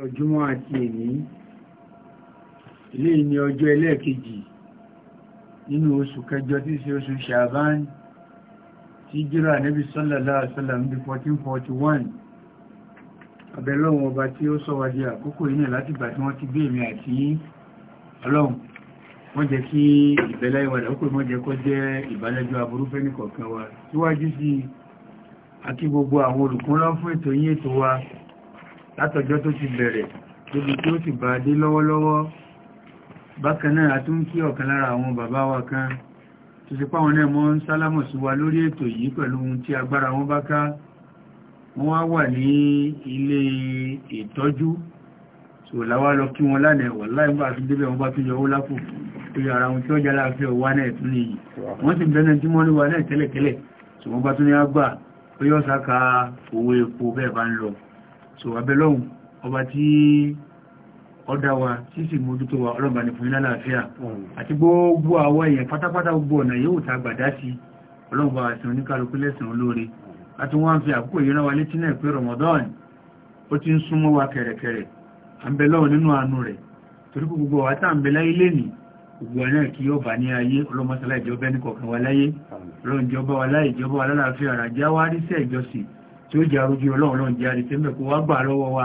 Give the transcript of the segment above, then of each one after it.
ọjọ́mọ́ àti èní ilé ni ọjọ́ ẹlẹ́ẹ̀kejì nínú oṣù kẹjọ tí ṣe oṣù ṣàbán tí jíra nẹ́bí sallallahu alaihi wasallam ní 1441 abẹ́lọ́wọ̀n ọba tí ó sọ wájú àkókò iná láti bà tí wọ́n ti gbé èmi àti ọlọ́run wọ́n jẹ́ kí ìbẹ̀lẹ̀ ìwàdà ó pè mọ́ jẹ́ kó jẹ́ ìbálẹ́jọ́ aburú fẹ́ nìkọ̀ọ̀kan wa síwájú sí akí gbogbo àwọn olùkúnlọ́ fún ètò yín ètò wa látọjọ́ tó ti bẹ̀rẹ̀ débi tí ó sì bá dé lọ́wọ́lọ́wọ́ bákan náà a tún kí ọ̀kan lára àwọn bàbá wa kan tó sì páwọn náà mọ́ ń sálámọ̀ sí wa lórí ètò yìí pẹ̀lú ohun tí agbára wọn bá ká wọ́n wá wà ní ilé ìtọ́jú tó láwá lọ kí wọn lánàá ẹ̀wọ̀ láìpẹ́ àti débẹ̀ wọn bá tún yọ owó lápò wọ́n bá tún ní owó epo so abẹ́lọ́hùn ọba tí ọdá wa tí mójútó wa ọlọ́ba ní fún ìlàláàfíà àti gbogbo àwọn èèyàn pátápátá gbogbo ọ̀nà yóò ta gbàdá sí ọlọ́ba àti oníkàlùkù lẹ́sìn olóore àti wọ́n fi àkókò yìí rán wa létí náà pé Ramadan ó ti ń súnmọ́ wa kẹ̀rẹ̀kẹ̀rẹ̀ àbẹ̀lọ́hùn nínú àánú rẹ̀ torí gbogbo wa tá à ń bẹ láyé lénìí gbogbo wa náà kí ọba ní ayé ọlọ́mọsálá ìjọba ẹnì kọ̀ọ̀kan wa láyé ọlọ́njọba wa láyé ìjọba wa lálàáfíà ràjá wa rí sẹ́ tí ó jẹ́ arójú ọlọ́run jẹ́ àti tẹ́mẹ̀ wá gbà lọ́wọ́ wa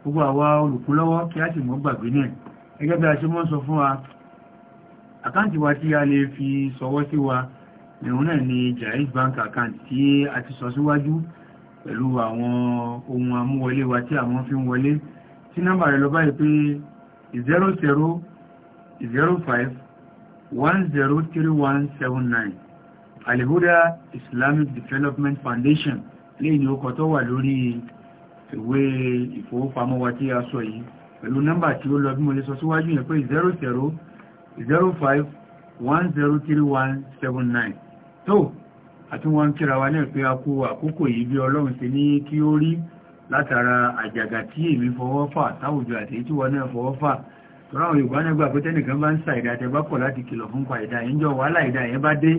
gbogbo àwa olùkúlọ́wọ́ kí á sì mọ́ gbàgbé náà gẹ́gẹ́ bí a ṣe mọ́ sọ fún wa àkáǹtì wa tí a lè fi sọwọ́ sí wa lẹ́hùn náà ni Jaiz Bank account tí a ti sọ síwájú pẹ̀lú àwọn ohun amúwọlé wa tí àwọn fi ń wọlé tí nọ́mbà rẹ̀ lọ báyìí pé 00 05 103179 Alihuda Islamic Development Foundation 00 léyìn orúkọ tó wà lórí ìwé ìfowópamọ́ wa tí a sọ yìí pẹ̀lú nọ́mbà tí ó lọ bí mo lè sọ síwájú yẹn pé 00 05 103179 tó àti wọ́n ń kíra wa náà pé a kú àkókò yìí bí ọlọ́run ṣe ní kí ó rí látara àjàgà tí èmi fọwọ́ fà táwùjọ àti èyí tí wọ́n náà fọwọ́ fà tọ́rọ àwọn yorùbá náà gbà pé tẹ́nìkan bá ń sa ìdá tẹ bá pọ̀ láti kìlọ̀ fún pa ìdá yẹn jọ wàhálà ìdá yẹn bá dé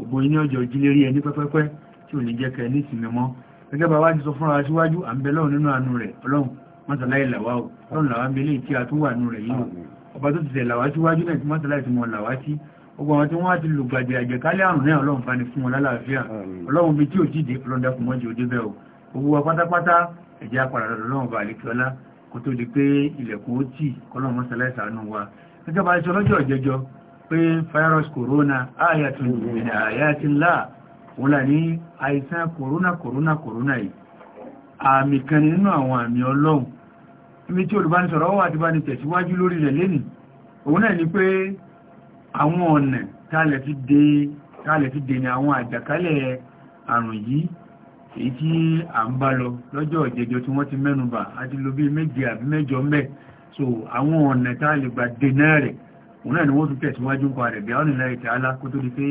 ògbó iná ọjọ́ jílérí ẹni pẹ́pẹ́pẹ́ tí ò ní jẹ́ kẹ́ ní ìsinmi mọ́ gẹ́gẹ́ bá wájú sọ fúnra síwájú à ń bẹ lọ́run nínú àánú rẹ̀ ọlọ́run mọ́sàláì làwá o ọlọ́run làwá mi léè tí a tún wà nù rẹ̀ yìí ọba tó ti tẹ̀ làwá síwájú náà tí mọ́sàláì ti mọ̀ làwá sí gbogbo àwọn tí wọ́n ti lù gbàdì àjẹkálẹ̀ àrùn náà ọlọ́run fani fún wọn lálàáfíà ọlọ́run bí tí ò tíì dé ọlọ́run dákun mọ́jì òde bẹ́ẹ̀ o gbogbo wa pátápátá ẹ̀jẹ̀ apàdà lọ́run bá àlekí ọlá kó tó di pé ilẹ̀kùn ó tì ọlọ́run mọ́sàláì sàánú wa gẹ́gẹ́ bá a ṣe ọlọ́jọ́ ìjẹjọ pé virus corona ayatollah ayatollah wọ́n là ní àìsàn kòrónà kòrónà kòrónà yìí àmì kan nínú àwọn àmì ọlọ́run ibi tí olùbánisọ̀rọ̀ wà ti bá ní tẹ̀síwájú lórí rẹ̀ lẹ́nì òun náà ni pé àwọn ọ̀nà tààlẹ̀ ti dè ní àwọn àjàkálẹ̀ àrùn yìí èyí tí a ń bá lọ lọ́jọ́ ìjẹjọ tí wọ́n ti mẹ́nubà àti lo bí méje àbí mẹ́jọ mẹ́ so àwọn ọ̀nà tààlẹ̀ gbà dè náà rẹ̀ òun náà ni wọ́n tún tẹ̀síwájú ń rẹ̀ bí àwọn ìlànà ìtàlá kó tó di pé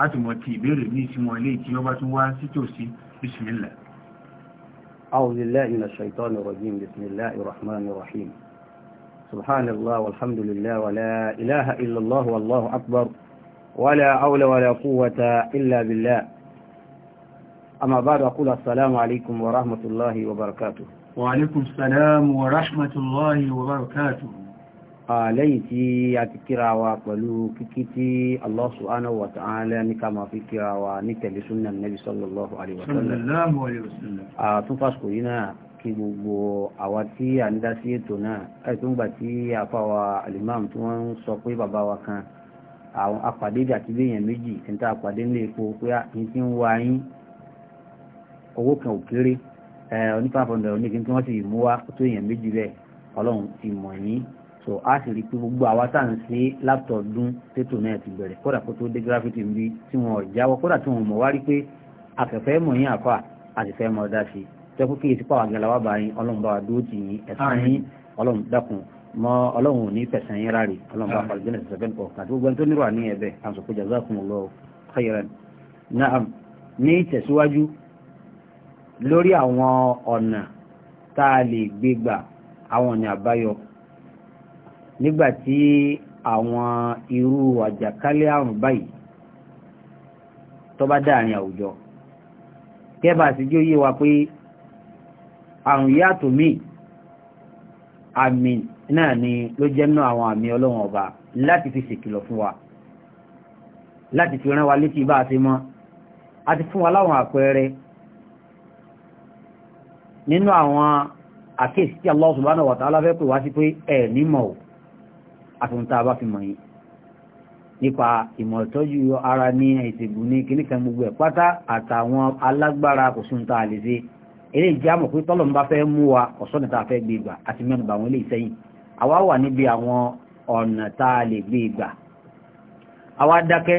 láti mọ̀ ti ìbéèrè ní ìsinmi ilé tí wọ́n bá tún wá sí bisimilá. أعوذ بالله من الشيطان الرجيم بسم الله الرحمن الرحيم سبحان الله والحمد لله ولا إله إلا الله والله أكبر ولا حول ولا قوة إلا بالله أما بعد أقول السلام عليكم ورحمة الله وبركاته وعليكم السلام ورحمة الله وبركاته lẹ́yìn tí a ti kíra wa pẹ̀lú kíkí tí Allah subhanahu wa ta'ala ní ká máa fi kíra wa ní tẹ̀lé súnà nẹ́bí sallallahu alaihi wa sallam tún fásitì yìí náà kí gbogbo àwa tí a ń dá sí ètò náà ẹ̀tún gbà tí a fa wa alimam tí wọ́n ń sọ pé bàbá wa kan àwọn apàdé àti béèyàn méjì ń ta apàdé ní epo pé àyín tí ń wá yín owó kan ò kéré onífàfọ̀ndọ̀ oníkin tí wọ́n mú wá tó èèyàn méjì bẹ́ẹ̀ ọlọ́run ti mọ̀ yín so a sì rí pé gbogbo àwa tá à ń ṣe látọ̀dún tètò náà ti bẹ̀rẹ̀ kódà kó tó dé gírafìtì ń bí tí wọn ò jáwọ́ kódà tí wọn ò mọ̀ wá rí pé àfẹ́fẹ́ mọ̀ yín àfà àti fẹ́ mọ̀ dá sí tẹ́ kó kíyèsí pàwọn àgbàlá wa bá ọlọ́run bá wa dúró tì yín ẹ̀sán yín ọlọ́run dákun mọ ọlọ́run ò ní fẹ̀sán yín ráre ọlọ́run bá falẹ̀ khairan na'am ní tẹ̀síwájú lórí àwọn ọ̀nà tá a lè gbé gbà àwọn ọ̀nà àbáyọ nígbàtí àwọn irú àjàkálẹ̀ àrùn báyìí tó bá dáàrin àwùjọ kẹ́bà sí jó yé wa pé àrùn yàtọ̀ míì àmì náà ni ló jẹ́ nínú àwọn àmì ọlọ́run ọba láti fi ṣèkìlọ̀ fún wa láti fi rán wa létí bá a ti mọ́ a fún wa láwọn àpẹẹrẹ nínú àwọn àkéèsí tí Allah subhanahu wa ta'ala fẹ́ pè wá sí pé ẹ̀ nímọ̀ o àfihàntà bá fi mọ̀ yìí nípa ìmọ̀ ìtọ́jú ara ní ìṣègùn ní kíníkan gbogbo ẹ̀ pátá àtàwọn alágbára òṣùntà àlèṣe eré ìjámọ̀ pé tọ́lọ̀ ń bá fẹ́ mú wa ọ̀sọ́nà a fẹ́ gbé gbà àti mẹ́nu bá wọn lè sẹ́yìn àwa wà níbi àwọn ọ̀nà tá a lè gbé gbà àwa dákẹ́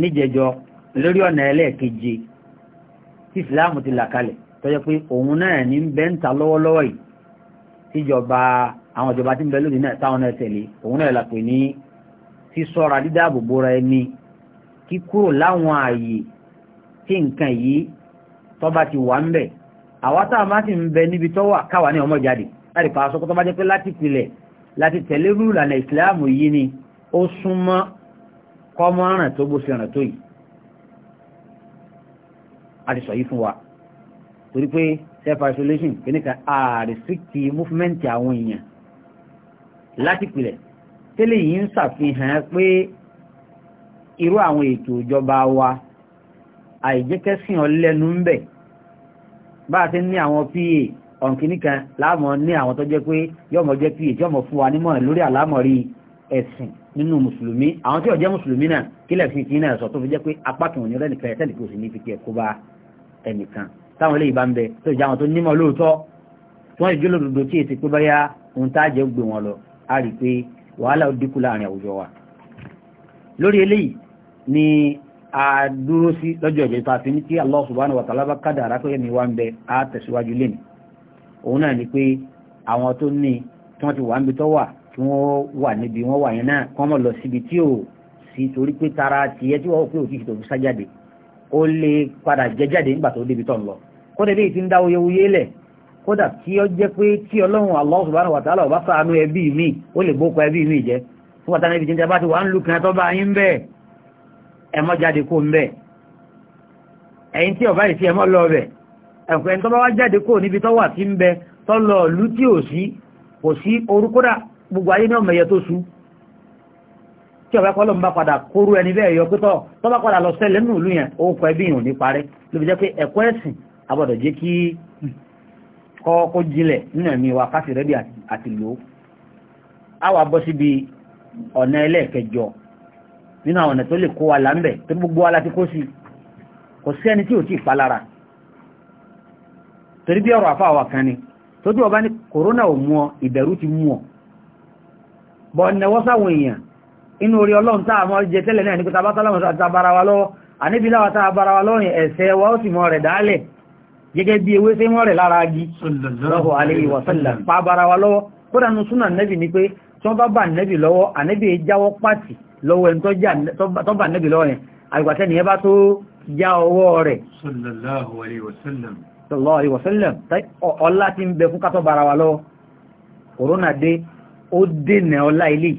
níjẹjọ lórí ọ̀nà ẹlẹ́ẹ̀keje tí ìsìláàmù ti là kalẹ̀ tó jẹ́ pé òun náà ní ń bẹ́ńtà lọ́wọ́lọ́wọ́ yìí tíjọba àwọn ìjọba tí ń bẹ lónìí náà táwọn náà tẹ̀lé òun náà là pè ní sísọ́ra dídáàbòbò ra ẹni kíkúrò láwọn ààyè tí nǹkan yìí tó bá ti wà ń bẹ̀ àwa táwọn máa ti ń bẹ níbi tó wà káwa ní ọmọ jáde láti pa aṣọ tó jẹ́ pé láti pilẹ̀ láti tẹ̀lé rúrù lànà ìsìláàmù yìí ni ó súnmọ́ kọ́mọ́ràn tó bó ṣe ràn tó yìí a ti sọ yìí fún wa torí pé self isolation kìnnìkan ààrẹ sí ti movement àwọn èèyàn láti pìlẹ̀ tẹ́lẹ̀ yìí ń ṣàfihàn pé irú àwọn ètò ìjọba wa àìjẹ́kẹ́sìn ọlẹ́nu ń bẹ̀ bá a ti ní àwọn pa ọ̀nkìníkan láàmọ́ ní àwọn tó jẹ́ pé yọ́mọ̀ jẹ́ pa tí ọmọ fún wa nímọ̀ lórí àlámọ̀rí ẹ̀sìn nínú mùsùlùmí àwọn tí ó jẹ́ mùsùlùmí náà kílẹ̀ fi kí náà sọ tó fi jẹ́ pé apá kìí òní rẹ́nìkan ẹ̀sẹ̀ nìkan òsì ní fi kí ẹ̀kọ́ bá ẹnìkan táwọn eléyìí bá ń bẹ tó jẹ́ àwọn tó nímọ̀ lóòótọ́ tí wọ́n ìjọ́ lòdòdó tí èsì pé báyá ohun tá a jẹ́ gbé wọn lọ a rí pé wàhálà ó dínkù láàrin àwùjọ wa lórí eléyìí ni a dúró sí lọ́jọ́ ìjọ ìta fi ní tí Allah subhanahu wa ta'ala bá kádàrá pé ẹ̀mí wa ń bẹ á tẹ̀síwájú lẹ́nu òun náà ni pé àwọn tó ní tí wọ́n ti wà níbi tó wà tí wọ́n wà níbi wọ́n wà yẹn náà kọ́ mọ̀ lọ síbi tí ò sí torí pé tara tiẹ̀ tí wọ́n pé òtí ìṣòro sájáde ó lè padà jẹ jáde nígbà tó débi tó ń lọ kó débi ìfi ń dá oyewuye lẹ̀ kódà tí ó jẹ́ pé tí ọlọ́run Allah subhanahu wa ta'ala ó bá ẹbí mi ó lè gbókọ ẹbí mi jẹ́ fún wàtá ibi jíjẹ bá ti wà ń lù tó bá yín bẹ́ẹ̀ jáde kó ń bẹ́ẹ̀ ẹ̀yìn tí ọba lọ bẹ̀ ẹ̀kọ́ ẹni tó bá wá jáde kó níbi tó wà sí ń bẹ gbogbo ayé ní ọmọ ọba ń bá padà kóró ẹni bẹ́ẹ̀ yọ tó bá padà lọ sẹ́lẹ̀ kọ́kọ́ jílẹ̀ nínú ẹ̀mí wa káfí rẹ́bí àti lò á wà bọ́ síbi ọ̀nà ẹlẹ́ẹ̀kẹjọ nínú àwọn ọ̀nà tó lè kó wa láńbẹ̀ tó gbogbo wa láti kó sí kò sí ẹni tí ò tí ì palára torí bí ọ̀rọ̀ àfa àwa kan ni tó tí ọba ní kòrónà ò mú ọ ìbẹ̀rù ti mú ọ bọ̀ ọ̀nẹ̀wọ́ sáwọn èèyàn inú orí ọlọ́run tá àmọ́ jẹ tẹ́lẹ̀ náà ní pé tabátọ́lọ́mọ́ tá a wa lọ́wọ́ àníbi láwa tá a bara wa lọ́wọ́ ẹ̀ṣẹ̀ wa ó sì mọ rẹ̀ dálẹ̀ gẹ́gẹ́ bí ewé sí wọ́n rẹ̀ lára agi sallallahu alaihi wa sallam pàbára wa lọ́wọ́ kódà nù súnà nẹ́bì ní pé tí wọ́n bá bà nẹ́bì lọ́wọ́ ànẹ́bì jáwọ́ pàtì lọ́wọ́ ẹni tó bà lọ́wọ́ yẹn àgbàtẹ́ ni ẹ bá tó já ọwọ́ rẹ̀ sallallahu alaihi wa sallam ọlá ti ń bẹ fún kátọ́ bara wa lọ́wọ́ corona dé ó dènà ọlá ilé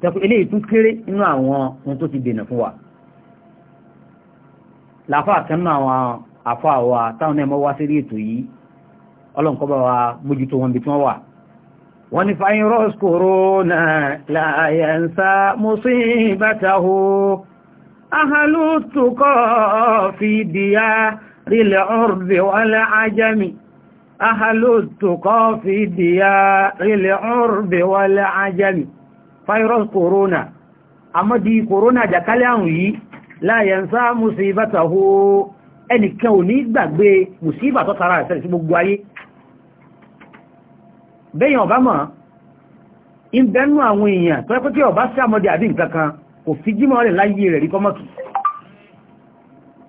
tẹ́kù ilé ìtún kéré inú àwọn àfa àwa táwọn náà mọ́ wá sí ètò yìí ọlọ́nkọ́ wa mójútó wọn bí tí wọ́n wà wọ́n ní fàyín rọ́s kòrónà láyẹ̀nsá musíbàtàhó ahàlùtùkọ́ fìdíyà rílẹ̀ ọ̀rẹ́ ẹnìkan ò ní gbàgbé mùsíbà tó tara ẹ̀sẹ̀ sí gbogbo ayé bẹ́yàn ọba mọ̀ ń bẹ́nu àwọn èèyàn tó ẹ́kọ́ tí ọba sí àmọ́dé àbí nǹkan kan kò fi jímọ̀ rẹ̀ láyé rẹ̀ rí kọ́mọ́kì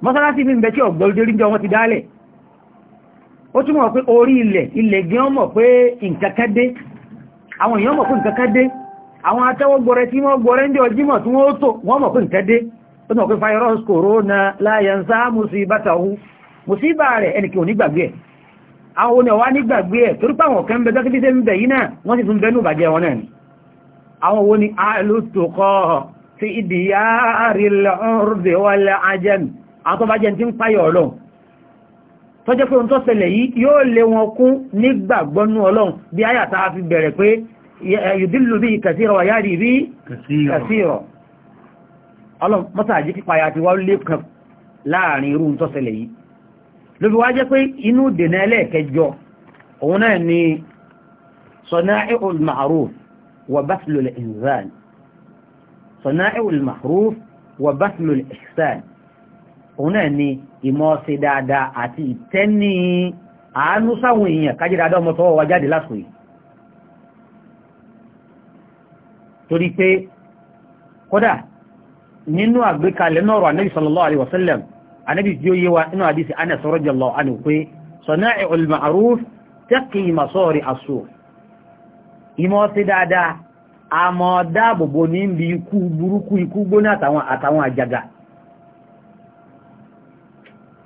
mọ́sálásí fi ń bẹ tí ọ̀gbọ́lódé rí jọ wọ́n ti dálẹ̀ ó túnmọ̀ pé orí ilẹ̀ ilẹ̀ gẹ́ mọ̀ pé nǹkan kan dé àwọn èèyàn mọ̀ pé nǹkan kan dé àwọn atẹ́wọ́ tí wọ́n gbọ́rẹ́ ń jọ jímọ̀ tí wọ́n ó tò wọ́n mọ̀ pé nǹkan dé ó mọ̀ pé fáírọ́ọ̀sì kòrónà láyẹnsá musibatahu musíbà rẹ̀ ẹnìkì ò nígbàgbé ẹ̀ àwọn oní ọwá nígbàgbé ẹ̀ torí pàwọn kẹ́ ń bẹ tọ́kí tẹ́ ń bẹ yìí náà wọ́n sì tún bẹnu bàjẹ́ wọn náà ni àwọn wo ni alótòkọ́ fi ìdíyà àrílẹ̀ wọlé ajẹ́m àwọn tó bá jẹ́ ti ń páyọ̀ ọlọ́mọ́sàájí pípayà ti wá lẹ́kàn láàrin irú tó ṣẹlẹ̀ yìí lóbi wá jẹ́ pé inú dènà ẹlẹ́ẹ̀kẹjọ òun náà ni sọ̀na'ul ma'ruf wa baslul ihsan sọ̀na'ul ma'ruf wa baslul ihsan òun náà ni ìmọ̀ ṣe dáadáa àti ìtẹ́ni àánú sáwọn èèyàn kájí torí pé kódà nínú àgbékalẹ̀ náà rọ̀ anábì sallallahu alaihi wasallam anábì tí ó yé wa inú àdísì Anas radiyallahu anhu pé sana'i'ul ma'ruf taqi masari as-su' ìmọ̀ sí dáadáa àmọ́ dáàbòbò ní bí ikú burúkú ikú gbóná àtàwọn àjàgà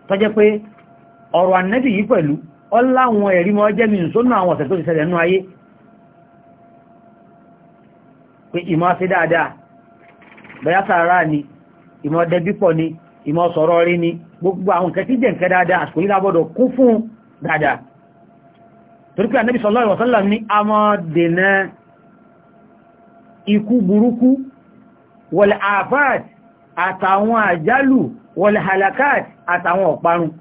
tọ́jẹ́ pé ọ̀rọ̀ ànábì yìí pẹ̀lú ọláwọn ẹ̀rí mọ́ jẹ́ mi bóyá sàárà ni ìmọ̀ dẹbípọ̀ ni ìmọ̀ sọ̀rọ̀ rí ni gbogbo àwọn nǹkan tí jẹ́ nǹkan dáadáa àsìkò yìí lábọ́dọ̀ kún fún dáadáa torí pé ànábì sallallahu alaihi wasallam ní a mọ́ dènà ikú burúkú wọlẹ̀ àfáàt àtàwọn àjálù wọlẹ̀ halakat àtàwọn ọ̀parun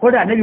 kódà ànábì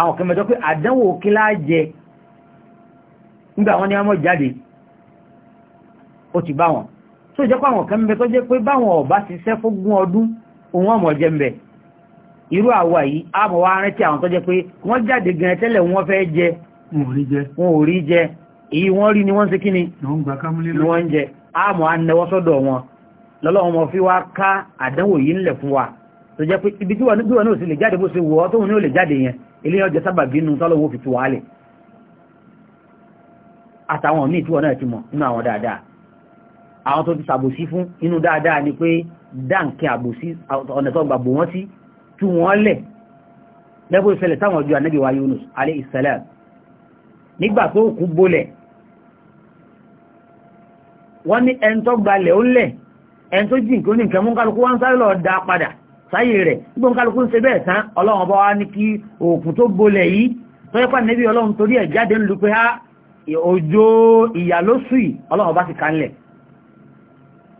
àwọn kẹmẹ́tọ́ pé àdánwò kí láàjẹ nígbà wọn ni wọ́n mọ̀ jáde ó ti bá wọn tó jẹ́ pé àwọn kẹmẹ́tọ́ jẹ́ pé báwọn ọ̀bá ti sẹ́ fógún ọdún òun ọmọ jẹ́ ń bẹ̀ irú àwa yìí àmọ̀ wa rántí àwọn tó jẹ́ pé wọ́n jáde gan tẹ́lẹ̀ wọ́n fẹ́ jẹ wọn ò rí jẹ èyí wọ́n rí ni wọ́n ṣe kíni ni wọ́n jẹ àmọ̀ anáwọ́ sọ́dọ̀ wọn lọ́lọ́wọ́n mọ̀ fi wá ká àdánwò yìí ńlẹ̀ fún wa tó jẹ́ pé ibi tí wọ́n ní òsì lè jáde bó ṣe wọ́ tóun ní ò lè jáde yẹn ilé ọjọ́ sábà bínú tọ́lọ́wọ́ fi tuwálẹ̀ àtàwọn míì tí wọ́n náà ti mọ̀ nínú àwọn dáadáa àwọn tó ti sàbòsí fún inú dáadáa ni pé dáǹkẹ́ àbòsí ọ̀nà tó gbàgbò wọ́n sí tú wọ́n lẹ̀ lẹ́gbẹ́ ìṣẹ̀lẹ̀ táwọn ọjọ́ anábì wa Yunus alayhi salam nígbà tó kú bólẹ̀ wọ́n ní ẹni tó gbalẹ̀ sáyé rẹ̀ gbogbo kálukú ń ṣe bẹ́ẹ̀ tán ọlọ́run ọba wa ní kí òkun tó bolẹ̀ yìí tó yẹ pàdé níbi ọlọ́run torí ẹ̀ jáde ń lu pé ah, òjò ìyà ló sù yìí ọlọ́run ọba ti kanlẹ̀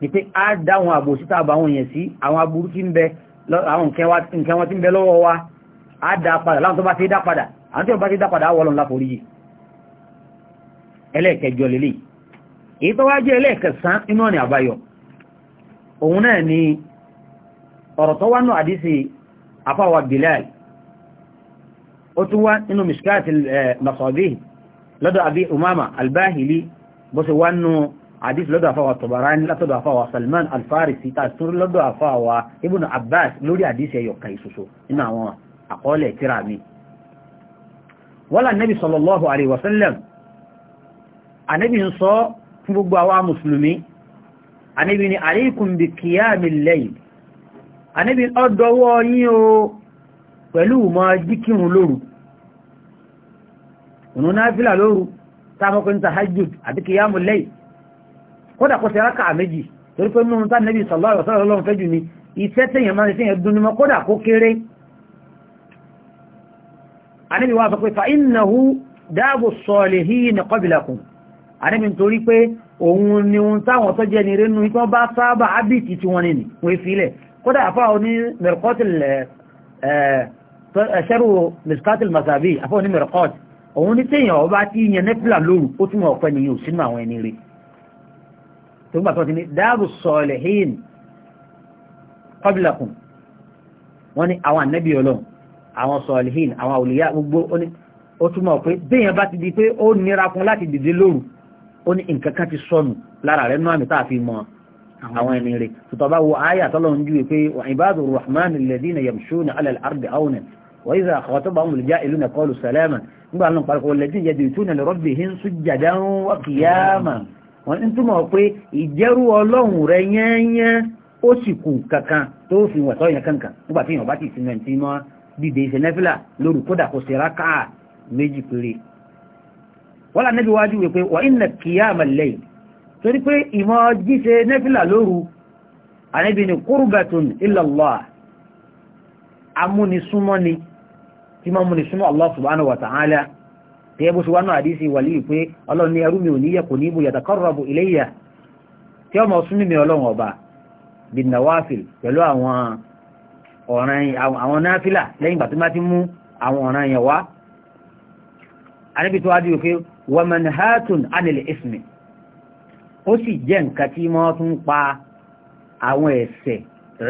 ni pé á dá àwọn àbò síta àbà àwọn èèyàn sí àwọn aburú tí ń bẹ àwọn nǹkan wọn tí ń bẹ lọ́wọ́ wa á dá padà láwọn tó bá ti dá padà àwọn tí bá ti dá padà á wọ́lọ́run láforí yìí ẹlẹ́ẹ̀kẹjọ lélẹ́yìí èyí tó wá jẹ́ ẹlẹ́ẹ̀kẹsàn inú ọ̀nà àbáyọ òun náà ni ọ̀rọ̀ tó wá náà àdísì afáwà bilal ó tún wá nínú mishkat eh, masabi lọ́dọ̀ abi umama albahili bó ṣe wá nù àdísì lọ́dọ̀ afáwà tabarani látọ̀dọ̀ afáwà salman alfarisi tàṣtúr lọ́dọ̀ afáwà ibn abbas lórí àdísì ẹyọ kan ìṣoṣo nínú àwọn àkọọ́lẹ̀ tíra mi wọ́lá nẹ́bí sallallahu alaihi wasallam anẹ́bí ń sọ fún gbogbo àníbi ọdọwọ́ yín o pẹ̀lú mọ́ jíkírun lóru òun náfílà lóru táàmọ́kùn tahajjud àti kìyàmù lẹ́yìn kódà kó sẹ́rá káà méjì torí pé nínú tá nẹ́bí sallallahu alaihi ni iṣẹ́ tẹ̀yàn máa ṣe àníbi wá pé òun ni ohun táwọn tó jẹ́ ni bá ábìtì tí wọ́n wọ́n fi kódà àfáà ní mẹ́rẹ̀kọ́tìlẹ̀ ẹ̀ṣẹ́rù mẹ́sìkátìl masabi àfáà ní mẹ́rẹ̀kọ́tì òun ní téèyàn ọba tí yẹn nẹ́pìlà lóru ó túnmọ̀ ọ̀pẹ́ ni yóò sínú àwọn ẹni rí tó ń gbàtọ́ ti ní dáàbù sọ̀ọ̀lẹ̀ hìn kọ́bìlàkùn wọ́n ní àwọn ànẹ́bí ọlọ́run àwọn sọ̀ọ̀lẹ̀ hìn àwọn òlìyà gbogbo ó túnmọ̀ pé béèyàn bá ti di pé ó nira fún láti dìde lóru ó ní nǹkan kan ti sọnù lára rẹ̀ nú àmì tá a fi mọ̀ àwọn ẹni rẹ̀ tọ́tọ́ bá wo ayà tọ́lọ̀ ń júwe pé ìbáàdù rahman alladhina yamshuna ala al-ardi awna wa idha khatabahum al-jahiluna qalu salama nígbà náà pàrọ̀ alladhina yabituna li rabbihim sujjadan wa qiyama wọ́n ń túmọ̀ pé ìjẹ́rú ọlọ́run rẹ̀ yẹ́nyẹ́ ó sì kù kankan torí pé ìmọ̀ jíṣe nẹ́fìlà lóru àníbi ni kúrùbẹ̀tùn ilallah amúnisúnmọ́ ni tí máa múnisúnmọ́ Allah subhanahu wa ta'ala tí ẹbú ṣùgbọ́n náà àdísì wàlí pé ọlọ́run ní ẹrú mi ò níyẹ kò ní ibù anil ismi ó sì jẹ́ nǹkan tí wọ́n tún pa àwọn ẹ̀ṣẹ̀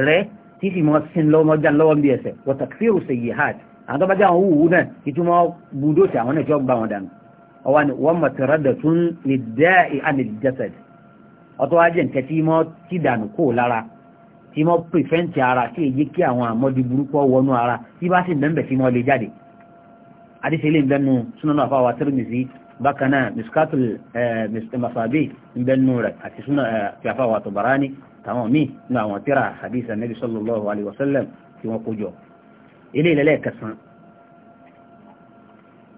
rẹ̀ tí sì mọ́ sin lọ́mọjá lọ́wọ́ bí ẹ̀ṣẹ̀ wọ́tàkfíò sí yìí hajj àwọn tó bá jẹ́ àwọn òwú náà kí túnmọ́ gbúdó sí àwọn ẹ̀ṣọ́ gbà wọn dànù ọwá ni wọ́n mọ̀tẹ̀rọ̀ dẹ̀tún lè dẹ́ ìhànì jẹ́sẹ̀d ọtọ́ wá jẹ́ nǹkan tí mọ́ ti dànù kó lára tí mọ́ pìfẹ́ǹtì ara tí èyí kí àwọn àmọ́dí burúkú wọnú ara tí bá sì bẹ́ẹ̀ sí mọ́ lè jáde adíṣe ilé ìbẹ́nu súnmọ́ àfáwà tẹ́rìmìsì bákan náà miskatul eh, masabi ń bẹ nínú rẹ̀ àti súnà tí a fáwọn àtọ̀bàrání táwọn míì nínú àwọn tíra hadith anabi sallallahu alayhi wa sallam tí wọ́n kó jọ ilé ìlẹ́lẹ̀ kẹsàn-án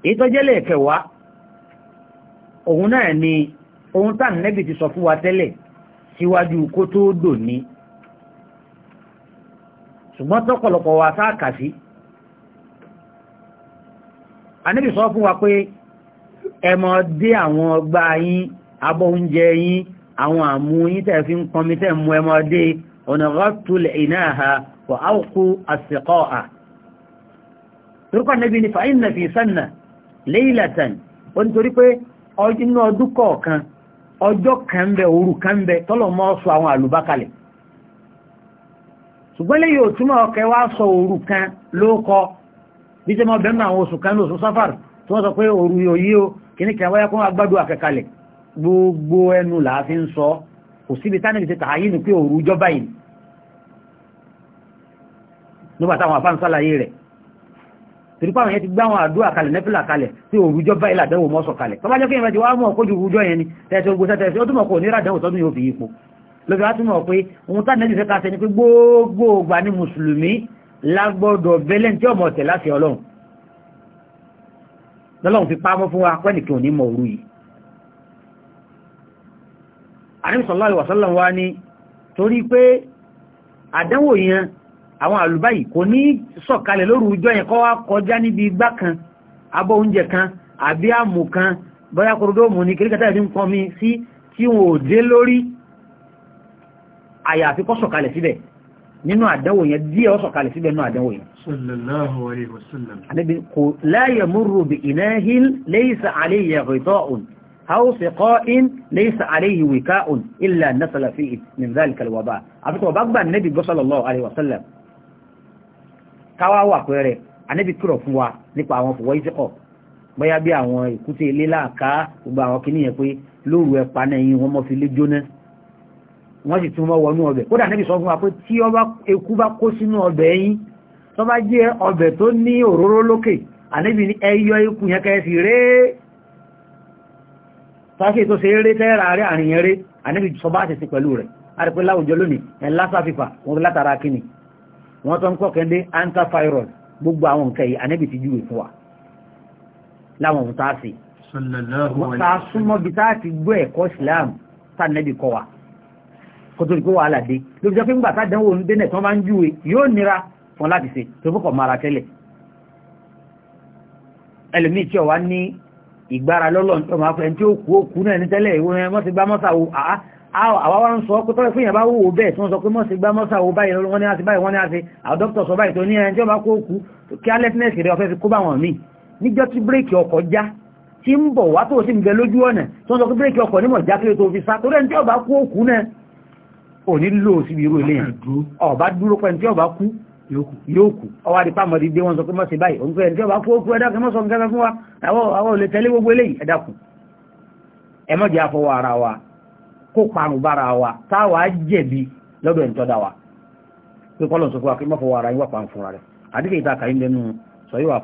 ìtọ́jẹ́lẹ̀ kẹwàá òun náà ni ohun tá nẹ́bì ti sọ fún wa tẹ́lẹ̀ síwájú kó tó dò ní ṣùgbọ́n tọ́pọ̀lọpọ̀ wa sáàkà sí anẹ́bì sọ fún wa pé ẹ dé àwọn ọgbà yín abọ́ oúnjẹ yín àwọn àmú yín tẹ̀ fi ń pọnmi tẹ̀ mú ẹ dé ọ̀nà rọ́tùlẹ̀ ìnáha wà á kú àsìkọ́ à. torípa ni fàáyín nà fi ó ní torí pé inú ọdún kọ̀ọ̀kan kan bẹ òru kan bẹ tọ́lọ̀ mọ́ sọ àwọn àlùbákalẹ̀ ṣùgbọ́n ọkẹ́ wá sọ kan ló kọ bí tẹ́ kan kí ní kí wáyá kún agbádùn àkẹkalẹ̀ gbogbo ẹnu làáfin sọ kò síbi tánìlì ti tààyè ní pé òru jọba yìí nígbà táwọn afá ń sálàyé rẹ̀ tìrípà àwọn yẹn ti gbá àwọn àdúrà kalẹ̀ nẹ́fìlà kalẹ̀ tí òrùjọ báyìí làdẹ́wò mọ́sọ̀ kalẹ̀ tó bá jẹ́ kí ìrìnàjò wá mọ̀ kójú òrùjọ yẹn ni ni pé gbogbo ògbà ní mùsùlùmí lágbọ́dọ̀ bẹ́lẹ̀ tí ọmọ lọ́lọ́run fi pamọ́ fún wa pẹ́nìkan ní mọ̀ orú yìí àrímsọ̀lá ìwàsọ́lọ̀ wa ni torí pé àdánwò yẹn àwọn àlùbáyì kò ní sọ̀kalẹ̀ lóru ọjọ́ yẹn kọ́ wá kọjá níbi igbá kan abọ́ oúnjẹ kan àbí àmù kan bọ́yá korodóòmù ní kìríkàtà nínú àdánwò yẹn díẹ̀ ó sọ̀kalẹ̀ síbẹ̀ nínú àdánwò yẹn. sallallahu alayhi wa sallam. àlebi kò la yamurru bi inahin laysa alayhi ghita'un aw siqa'in laysa alayhi wika'un illa nasala fihi min dhalika al-waba' àfikún ọba gbà nẹ́bi gbọ́ sallallahu alayhi pẹ́rẹ́ ànẹ́bi kúrọ̀ fún wa nípa àwọn fòwọ́ ìsìkọ̀ bóyá bí àwọn ìkúté ilé gbogbo àwọn kìnìyàn pé lóru ẹ̀ pa náà yín wọ́n mọ́ fi lé jóná wọ́n sì tún mọ́ wọnú ọbẹ̀ kódà níbi sọ fún wa pé tí eku bá kó sínú ọbẹ̀ yín tó bá jẹ́ ọbẹ̀ tó ní òróró lókè àníbi ní ẹyọ eku yẹn kẹsì rẹ́ tàṣí tó ṣe eré tẹ́ra rẹ̀ àrìn eré àníbi sọ bá ṣe sí pẹ̀lú rẹ̀ àrípẹ́ láwùjọ lónìí ẹ̀ lásàfífà wọn látara kíni wọ́n tó ń kò tó di pé wàhálà dé ló fi jẹ́ pé ńgbà tádánwò ń dénẹ̀ tán bá ń júwe yóò nira fún láti ṣe tó fún kọ̀ mara tẹ́lẹ̀ ẹlòmíì tí ọ̀wá ní ìgbára lọ́lọ́ ní ọmọ afẹ́ tí ó kú ó kú náà ní tẹ́lẹ̀ ìwé wọn mọ́sí gbá mọ́sà wo àwa wá ń sọ pé tọ́lẹ̀ fún ìyàbá wò ó bẹ́ẹ̀ tí wọ́n sọ pé mọ́sí gbá mọ́sà wo báyìí wọ́n ní àti báyìí wọ́n ní àti àwọn dókítà sọ báyìí tó ní ẹni ò ní lò sí irú ilé yẹn ọba dúró pẹ́ tí ọba kú yóò kú ọwọ́ adìpá mọ̀dí dé wọn sọ pé mọ́ sí báyìí òun tí ọba kú ó kú ẹ̀dá kan nǹkan fún wa àwọn ò lè tẹ́lé gbogbo eléyìí ẹ̀dá kù ẹ mọ́ ara wa kó parun bára wa táwa jẹ̀bi lọ́dọ̀ ẹni wa pé kọ́lọ̀ sọ fún wà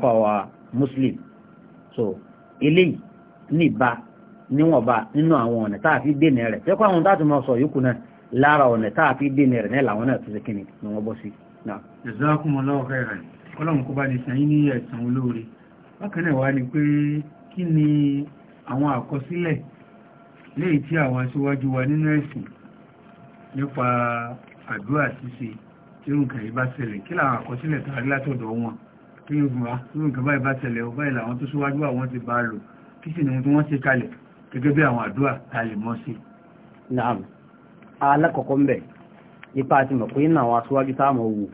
pa so ba lára ọ̀nà táà fi dènà rẹ̀ náà làwọn náà tó ṣe kíni ni wọ́n bọ́ sí náà. jazakumullahu khairan ọlọ́run kó bá ní sàn yín ní ẹ̀sán olóore bákan náà wá ni pé kí ni àwọn àkọsílẹ̀ léyìí tí àwọn aṣíwájú wa nínú ẹ̀sìn nípa àdúrà ṣíṣe tí nǹkan yìí bá ṣẹlẹ̀ kí làwọn àkọsílẹ̀ tààrí látọ̀dọ̀ wọn alákọ̀ọ́kọ́ ń bẹ̀ ipa àti mọ̀ pé náà wọn aṣíwájú táàmù owó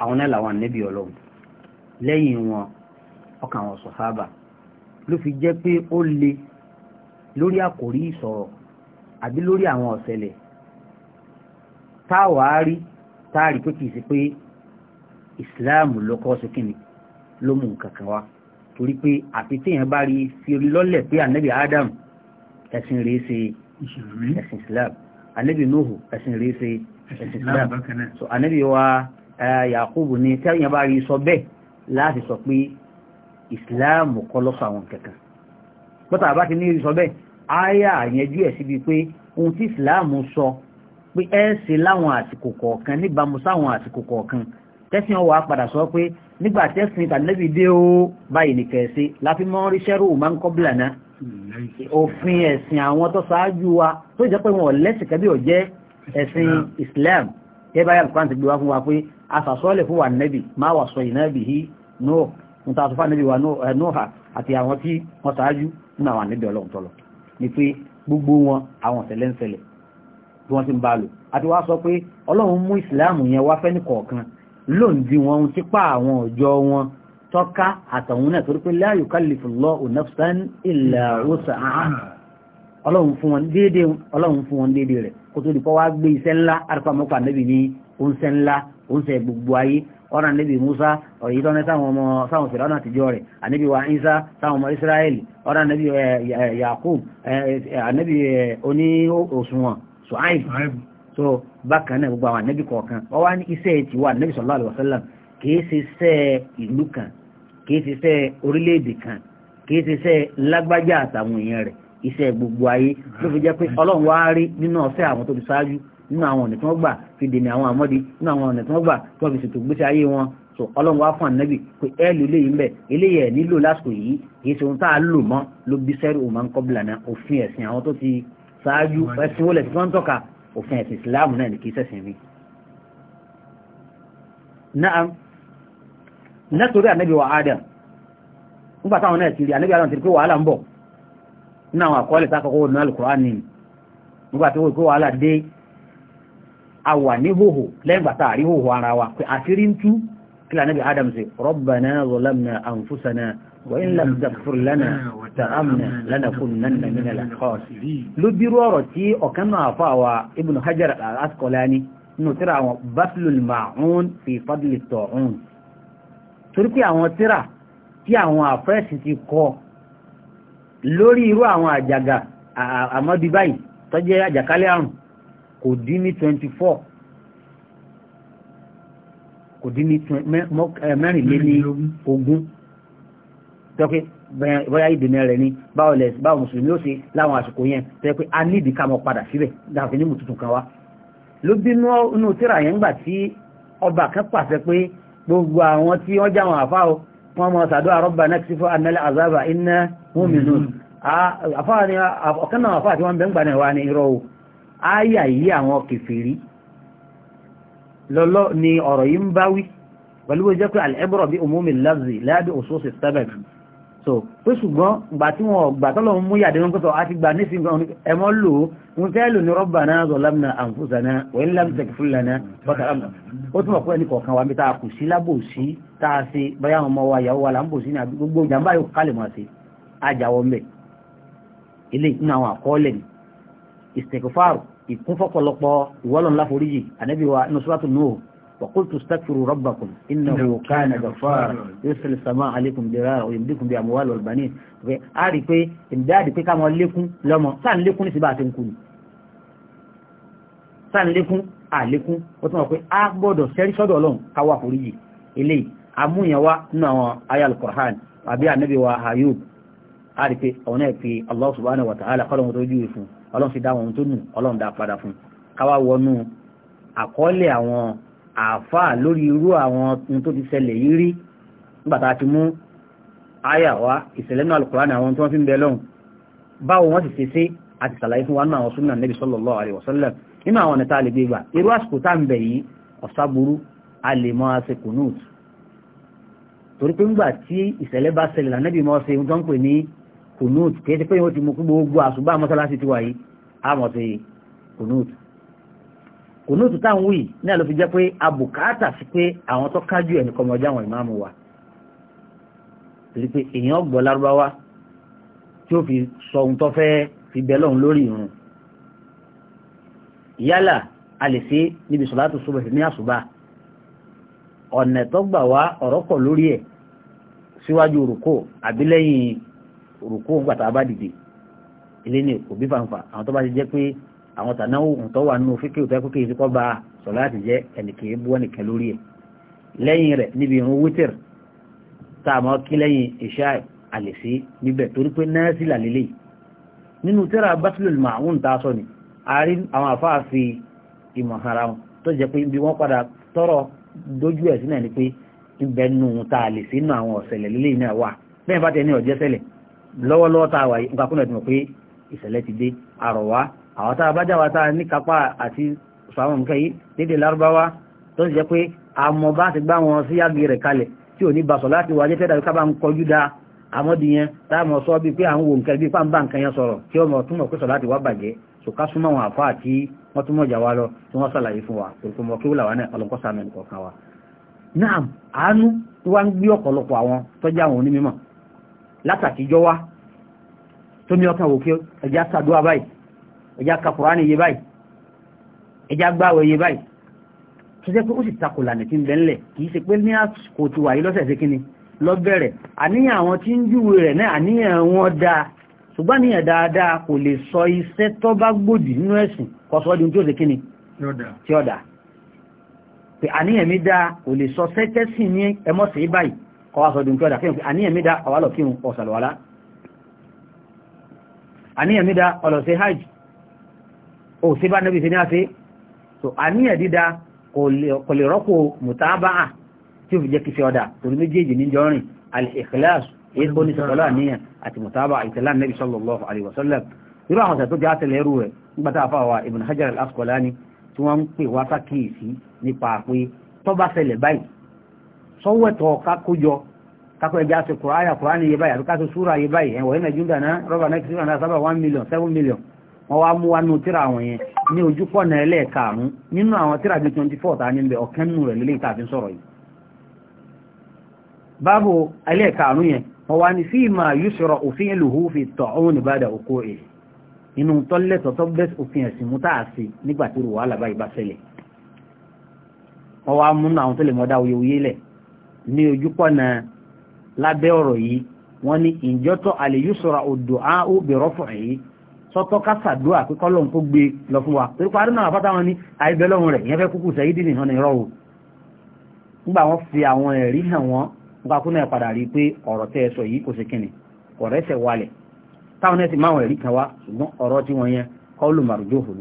àwọn náà làwọn ànẹ́bí ọlọ́run lẹ́yìn wọn ọkàn àwọn sọ̀hábà ló fi jẹ́ pé ó le lórí àkòrí ìsọ̀rọ̀ àbí lórí àwọn ọ̀sẹ̀lẹ̀ táwàá rí táàrí pé kìí sí pé ìsìláàmù ló kọ́ sí kíni ló mú nǹkan wá torí pé àfi téèyàn bá rí fi lọ́lẹ̀ pé ànẹ́bí Adam ẹ̀sìn rèé ṣe ẹ̀sìn islam anabi nuhu ẹ̀sìn rèése ẹ̀sìn islam so anabi wa yakubu ni tẹ́yìn bá rí sọ bẹ́ẹ̀ láti sọ pé islam kọ́ lọ́sọ àwọn kankan pọ́tà bá ti ní rí sọ bẹ́ẹ̀ aya àyẹjú ẹ̀ síbi pé ohun tí islam sọ pé ẹ ṣe láwọn àsìkò kọ̀ọ̀kan níbàámu sáwọn àsìkò kọ̀ọ̀kan tẹ́sìn ọwọ́ apàdà sọ pé nígbà tẹ́sìn tàbí lẹ́bi dé ó báyìí nìkẹ́ sí láfi mọ́ ríṣẹ́rù máa ń kọ́ bìlànà òfin ẹ̀sìn àwọn tó ṣáájú wa tó jẹ́ pé wọn lẹ́sìn kẹ́bí ò jẹ́ ẹ̀sìn Islam ẹbá yà bùkán ti gbé wá fún wa pé asàsọ́lẹ̀ fún wa nẹ́bì máa wà sọ ìnẹ́bì yìí nóò ń ta àtúfà nẹ́bì wa nóòhà eh, àti àwọn tí wọ́n ṣáájú nínú àwọn nẹ́bì ọlọ́run tọ́lọ̀ ni pé gbogbo wọn àwọn ṣẹlẹ̀ ń ṣẹlẹ̀ bí wọ́n ti ń bá lò àti wá sọ pé ọlọ́run mú ìsìláàmù tọ́ka àtàwọn náà torí pé la yukallifullahu nafsan illa wus'aha ọlọ́run fún wọn déédéé ọlọ́run fún wọn déédéé rẹ̀ kó tó di kọ́ wá gbé iṣẹ́ ńlá àrùkọ́ àmọ́kọ́ ànábì ní oúnṣẹ́ ńlá oúnṣẹ́ gbogbo ayé ọ̀rọ̀ ànábì Musa ọ̀yí tọ́ni sáwọn ọmọ sáwọn fìlà náà tìjọ rẹ̀ ànábì wa Isa sáwọn ọmọ Israẹli ọ̀rọ̀ ànábì Yakub ànábì oní òṣùwọ̀n Suhaib so bákan náà gbogbo àwọn ànábì kọ̀ọ̀kan ọwọ́ iṣẹ́ ti wà ànábì sallallahu alaihi kìí ṣiṣẹ́ ìlú kan kìí ṣiṣẹ́ orílẹ̀-èdè kan kìí ṣiṣẹ́ lágbájá àtàwọn èèyàn rẹ̀ iṣẹ́ gbogbo ayé ló fi jẹ́ pé ọlọ́run wá rí nínú ọ̀sẹ̀ àwọn tó fi ṣáájú nínú àwọn ọ̀nà tí wọ́n gbà fi dènà àwọn àmọ́dé nínú àwọn ọ̀nà tí wọ́n gbà tí wọ́n fi ṣètò gbèsè ayé wọn so ọlọ́run wá fún ànábì pé ẹ lò léyìn bẹ́ẹ̀ eléyẹ̀ nílò lásìkò yìí kìí ṣe ohun tá a lò mọ́ ló bí sẹ́rù òun máa ń kọ́bìlà náà òfin ẹ̀sìn àwọn tó ti ṣáájú ẹ̀sìn wọlé tí wọ́n tọ́ka òfin ẹ̀sìn ìsìláàmù náà ní kìí ṣẹ̀sìn mi. náà nítorí ànábì wa adam nígbà táwọn náà ti rí ànábì adam ti rí pé wàhálà ń bọ̀ nínú àwọn àkọọ́lẹ̀ sákọ̀ọ́kọ́ òdùnà alukùrán ni nígbà tó wò pé wàhálà dé a wà ní hòhò lẹ́yìn gbàtà àrí ara wa pé àṣírí ń tú kí lànábì adam ṣe rabbana zalamna anfusana wa in lam taghfir lana torí pé àwọn tíra tí àwọn àfẹ́sì ti kọ lórí irú àwọn àjàgà àmọ́dí báyìí tó jẹ́ àjàkálẹ̀ àrùn kò dín ní 24 kò dín ní mẹ́rìnlélí ogún tọ́pẹ́ bọ́yá ìdènà rẹ̀ ní báwọlẹ̀ báwọn mùsùlùmí ó ṣe láwọn àsìkò yẹn tẹ́ pé a ní ìdíkàmọ́ padà síbẹ̀ dáàfi ní mùtútù kan wá ló bínú inú tíra yẹn ńgbà tí ọba kan pàṣẹ pé gbogbo àwọn tí wọ́n jáwọn àfá o wọ́n mọ̀ sàdọ́ àrọ́bà náà sí fún anẹ́lẹ̀ àzábà iná múmìnún ọ̀kan náà àfá àti wọ́n bẹ̀ǹgbà náà wà ní irọ́ o áyà yí àwọn kèfèrí lọ́lọ́ ni ọ̀rọ̀ yìí ń báwí pẹ̀lú jẹ́ pé alẹ́bọ̀rọ̀ so pé ṣùgbọ́n gbà tí wọ́n gbà tọ́lọ̀ mú yàdé wọn pẹ́tọ̀ àti gbà nísìn gan ẹmọ́ lò ó ń tẹ́ lò ní rabbana zalamna anfusana wa in lam taghfir lana bọ́tà lámnà ó túnmọ̀ pé ẹnì kọ̀ọ̀kan wa bí tá a kù sí lábòsí tá a ṣe báyà wọn mọ wa ìyàwó wa lábòsí ní gbogbo ìjàmbá yóò kálẹ̀ mọ́ sí ajáwọ́ mbẹ̀ ilé ìpín àwọn àkọọ́lẹ̀ ni istighfar ìkún fọ́pọ̀lọpọ̀ ìwọ́lọ́nlá foríjì ànábì wa nusratu nuhu وقلت استغفروا ربكم إنه كان غفارا يرسل السماء عليكم درارا ويمدكم بأموال والبنين a rí pé ìdáàdì pé káwọn lékún lọ́mọ sáà ń lékún ní síbá àti nkú ni sáà ń lékún àlékún ó túnmọ̀ pé a gbọ́dọ̀ sẹ́rí sọ́dọ̀ ọlọ́run káwà foríjì eléyìí amúyàn wá nínú àwọn ayal Qur'an àbí ànábì wa Ayub a rí pé ọ̀nà ẹ̀ fi Allah subhanahu wa ta'ala kọ́lọ́run tó júwe fún ọlọ́run sì dá wọn tó nù ọlọ́run dá padà fún káwà wọnú àkọọ́lẹ̀ àwọn àáfàá lórí irú àwọn ohun tó ti ṣẹlẹ̀ yìí rí nígbà tá a ti mú àyà wá ìṣẹ̀lẹ̀ náà Al-Qur'an àwọn tí wọ́n fi ń bẹ lọ́hùn báwo wọ́n sì ṣe ṣe àti ṣàlàyé fún wa nínú Nabi sallallahu alaihi wasallam nínú àwọn ọ̀nà tá a lè gbé gbà irú àsìkò tá ń bẹ̀ yìí ọ̀sàbùrú a lè máa ṣe kùnúùt torí pé ńgbà tí ìṣẹ̀lẹ̀ bá ṣẹlẹ̀ lànàbì máa ṣe nǹkan wọ́n ti mú gbogbo àṣùbà kò ní òtútà ń wì ní àlọ́ fi jẹ́ pé abùkátà sí pé àwọn tó kájú ẹ̀ nìkan mọ̀já àwọn ìmáàmù wa torí pé èèyàn gbọ́ lárúbáwá tí ó fi sọ ohun tó fẹ́ fi bẹ lọ́hùn lórí ìrun yálà a lè ṣe níbi sọ̀látù súbà ní àsùbà ọ̀nà tó gbà wá ọ̀rọ̀ kọ̀ lórí ẹ̀ síwájú rùkó àbí lẹ́yìn gbàtà bá dìde ilé ní òbí fanfa àwọn tó bá ti jẹ́ pé àwọn tànáwò tó wà nínú fíkì òtẹ́ kókè ìsìnkọ́ bá sọ láti jẹ́ ẹnìkèé bú ẹnìkẹ́ lórí ẹ̀ lẹ́yìn rẹ̀ níbi ìrún wítìr tá a mọ́ kí lẹ́yìn ìṣá àlèsí níbẹ̀ torí pé nẹ́ẹ̀sì làlélẹ̀ nínú tẹ́ra bátìlù màáhùn tá a sọ ni a rí àwọn àfáà fi ìmọ̀ ara wọn tó jẹ́ pé bí wọ́n padà tọrọ dójú ẹ̀ sí náà ni pé àwọn tá a bá jáwa tá a ní kápá àti sọ àwọn nǹkan yìí lédè lárúbáwá tó ń jẹ́ pé àmọ́ bá ti gbá wọn sí àgbè rẹ̀ kalẹ̀ tí ò ní basọ̀ láti wájẹ́ fẹ́ dàbí da àmọ́dìyẹn táàmọ̀ sọ bí pé àwọn wo nǹkan bí pàǹbà nǹkan yẹn sọ̀rọ̀ tí ọmọ túnmọ̀ pé sọ láti wá bàjẹ́ so ká súnmọ́ àwọn àfáà tí wọ́n túnmọ̀ jà wá lọ tí wọ́n sàlàyé fún wa kò mọ̀ kí ó làwọn náà ọlọ́nkọ́ tó ní ọkàn wò kí ẹja báyìí ẹjá ka kùránì yé báyìí ẹjá gbáwẹ̀ yé báyìí tó jẹ́ pé ó sì takò lànà tí ń bẹ ńlẹ̀ kì í ṣe pé ní àsìkò ti wà yí lọ́sẹ̀ sí kíni lọ́bẹ̀rẹ̀ àníyàn àwọn tí ń júwe rẹ̀ náà àníyàn wọn dáa ṣùgbọ́n àníyàn dáadáa kò lè sọ iṣẹ́ tó bá gbòdì nínú ẹ̀sìn kọsọ́ di tí ó ṣe kíni tí ọ̀dà pé àníyàn mi dáa kò lè sọ sẹ́tẹ́sì ní ẹmọ́sẹ̀ báyìí kọwàá sọ di tí ọ̀dà fihàn pé àníyàn mi àníyàn mi dáa ọ̀lọ̀sẹ̀ ò sí bá níbi tí ní a ṣe so àníyàn dídá kò lè rọ́pò mùtábáà tí ó fi jẹ́ kíṣẹ́ ọ̀dà torí méjèèjì ní jọrin al-ikhlas èyí bó ní sọ̀tọ̀lọ́ àníyàn àti mùtábáà ìtẹ̀lá nẹ́bí sallallahu alaihi wasallam irú àwọn ọ̀sẹ̀ tó já tẹ̀lé rú rẹ̀ nígbà tá a fà wá Ibn Hajar al-Asqalani tí wọ́n ń kùráyà kùráyà yẹ báyìí àbíká ṣe súra yẹ báyìí ẹ̀wọ̀ yẹn nàìjíríà rọ́bà náà kìsìrà náà sábà one million seven million wọ́n wá mú wá nú tíra àwọn yẹn ní ojúpọ̀nà ẹlẹ́ẹ̀karùn-ún nínú àwọn tíra bíi twenty four ta ní bẹ ọ̀kan nínú rẹ̀ lélẹ́yìí tá a fi ń sọ̀rọ̀ yìí báàbò ẹlẹ́ẹ̀karùn-ún yẹn wọ́n wá ní fíìmà yusra'u fi'luhu fi at-ta'un ba'da òfin ẹ̀sìn mú sọ́tọ́ ká sàdúrà pé kọ́lọ́n kó gbé lọ fún wa torí parí náà àbátá wọn ní àìbẹ́ lọ́run rẹ̀ ìyẹn fẹ́ kúkú sẹ́yí dì nìhan nìrọ̀ o nígbà wọn fi àwọn ẹ̀rí hàn wọn nípa kó náà padà rí pé ọ̀rọ̀ tẹ́ ẹ sọ yìí kò sí kìnnì kò rẹ́sẹ̀ walẹ̀ táwọn ẹ̀sìn máwọn ẹ̀rí kan wá ṣùgbọ́n ọ̀rọ̀ tí wọ́n yẹn kọ́ọ̀lù màrújò hù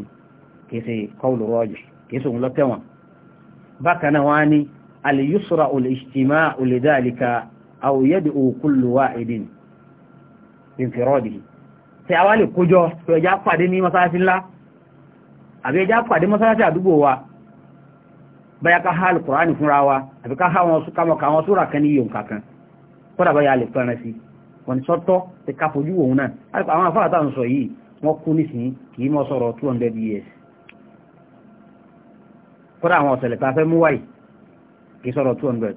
tí a wá lè kójọ pé ẹjá pàdé ní mọ́sálásí ńlá àbí ẹjá pàdé mọ́sálásí àdúgbò wa báyá ká hálù kùránì fúnra wa àbí ká há wọn kàmọ̀ ká wọn súra kan ní yòǹkà kan kódà báyá lè pẹ́ran sí wọn sọ́tọ́ pé ká fojú òun náà àti àwọn afárá táwọn sọ yìí wọ́n kú nísìnyí kì í mọ́ sọ̀rọ̀ 200 years kódà àwọn ọ̀sẹ̀lẹ̀ tá a fẹ́ mú wáyìí kì í sọ̀rọ̀ 200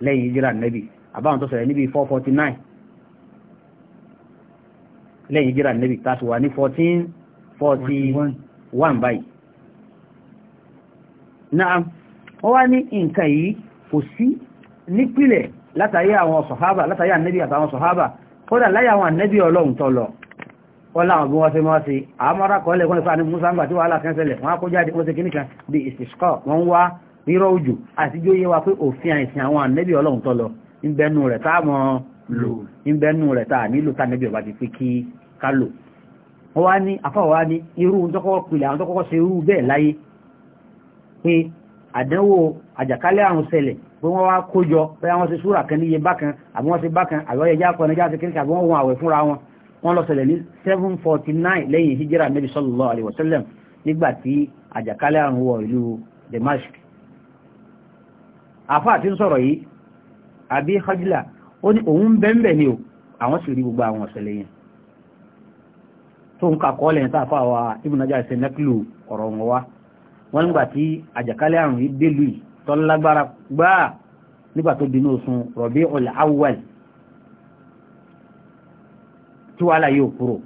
lẹ́yìn ìjírà nẹ́bì àbáwọn tọ́sẹ̀lẹ̀ níbi 449 lẹ́yìn jíra nẹ́bí tàṣù wà ní 1441 báyìí náà wọ́n wá ní nǹkan yìí kò sí nípìlẹ̀ látàrí àwọn sọ̀hábà látàrí ànẹ́bí àtàwọn sọ̀hábà kódà láyé àwọn ànẹ́bí ọlọ́run tọ́ lọ wọ́n láwọn bí wọ́n mọ́ sí àmọ́ra tí wọ́n kó jáde bí wọ́n wá òjò àti jó pé òfin àìsìn àwọn ọlọ́run tọ́ lọ kálò wọ́n wá ní afáwọ̀ wá ní irú tọ́kọ́kọ́ pìlẹ̀ àwọn tọ́kọ́kọ́ ṣe irú bẹ́ẹ̀ láyé pé àdánwò àjàkálẹ̀ àrùn ṣẹlẹ̀ pé wọ́n wá kójọ pé àwọn ṣe súrà kan níye bákan àbí wọ́n ṣe bákan àbí wọ́n yẹ jápọ̀ ní jáde kékeré àbí wọ́n wọn àwẹ̀ fúnra wọn wọ́n lọ ṣẹlẹ̀ ní nabi sallallahu alaihi wasallam nígbà tí àjàkálẹ̀ àrùn wọ ìlú Damask àfáà tí ń sọ̀rọ̀ yìí àbí hajjila ó ní òun ni àwọn sì rí gbogbo àwọn ọ̀sẹ̀lẹ̀ yẹn tó ń kàkọ́ọ̀lẹ̀ yẹn tàfà wa Ibn Hajar ṣe nẹ́kìlù ọ̀rọ̀ wọn wá wọ́n nígbà tí àjàkálẹ̀ àrùn yìí délù yìí tó lágbára gbáà nígbà tó dinú oṣù Rabi'ul Awwal tí wàhálà yóò kúrò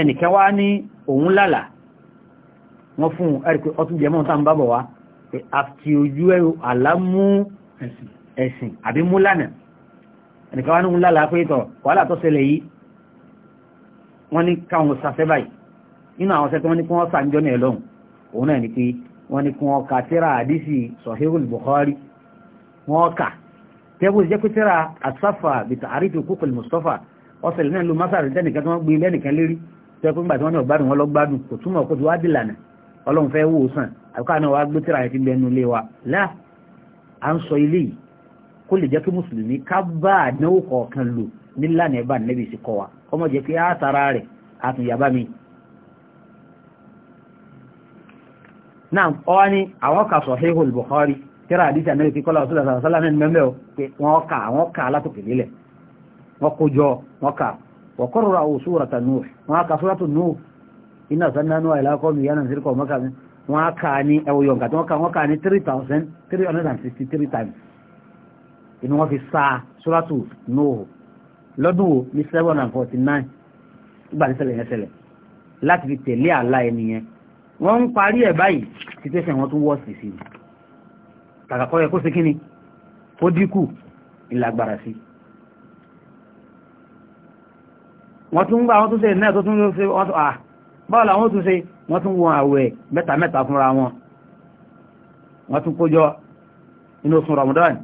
ẹnìkẹ́ wá ní òun lálà wọ́n fún ẹ̀rìkẹ́ ọtún jẹ́mọ́ tá ń bábọ̀ wá pé àti ojú ẹ̀rù àlámú ẹ̀sìn àbí múlànà ẹnìkẹ́ wá ní òun lálà pé tọ̀ wàhálà tó ṣẹlẹ̀ yìí wọ́n ní káwọn sàfẹ́ báyìí nínú àwọn sẹ́kẹ́ wọ́n ní kí wọ́n sàǹjọ́ náà lọ́hùn òun náà ni pé wọ́n ní kí wọ́n ka tíra àdísì sọ̀hírùl Bukhari wọ́n kà tẹ́bù jẹ́ pé tíra àsáfà bìtà àríkì kúkú Mustafa ọ̀sẹ̀ lẹ́nu ló másàrì tẹ́nìkan tí wọ́n gbé lẹ́nìkan lérí tẹ́kùn gbà tí wọ́n ní ọ̀gbádùn wọn lọ́gbádùn kò túmọ̀ kó ti wá dìlànà ọlọ́run wa láà à ń sọ ilé yìí kó lè jẹ́ kí mùsùlùmí ká bá àdánwò kọ̀ọ̀kan kọmọ jẹ́ pé átara rẹ̀ àtúnyàbá mi náà ọwá ní àwọn kà Sahihul Bukhari tíra àdísì àmẹ́rìkí kọ́lá ọ̀sọ́lá sàrásálà mẹ́rin mẹ́mẹ́ o pé wọ́n kà wọ́n kà látòkè lélẹ̀ wọ́n kó jọ wọ́n kà wọ́n kọ́rọ̀ àwọn surata Nuh wọ́n kà suratu Nuh iná sannánú àìlákọ́ mi yánà sírkọ̀ mọ́kà mi wọ́n kà ní ẹwùyọ̀ nǹkan tí wọ́n kà wọ́n kà ní 3,363 times inú wọ́n fi sa suratu Nuh lọ́dún wo ní seven and forty nine nígbà tí ṣẹlẹ̀ yẹn ṣẹlẹ̀ láti fi tẹ̀lé àlá ẹni yẹn wọ́n ń parí ẹ̀ báyìí situation wọn tún wọ́ọ̀sì sí i kàkàkọ́ yẹ kó ṣe kíni kó dínkù ìlàgbára sí i. wọ́n tún ń gbà wọ́n tún ṣe náà tó tún ṣe wọ́n tún à báwo làwọn tún ṣe wọ́n tún wọn àwẹ̀ mẹ́ta mẹ́ta fúnra wọn wọ́n tún kójọ inú oṣù Ramadan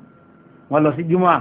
wọ́n lọ sí jumah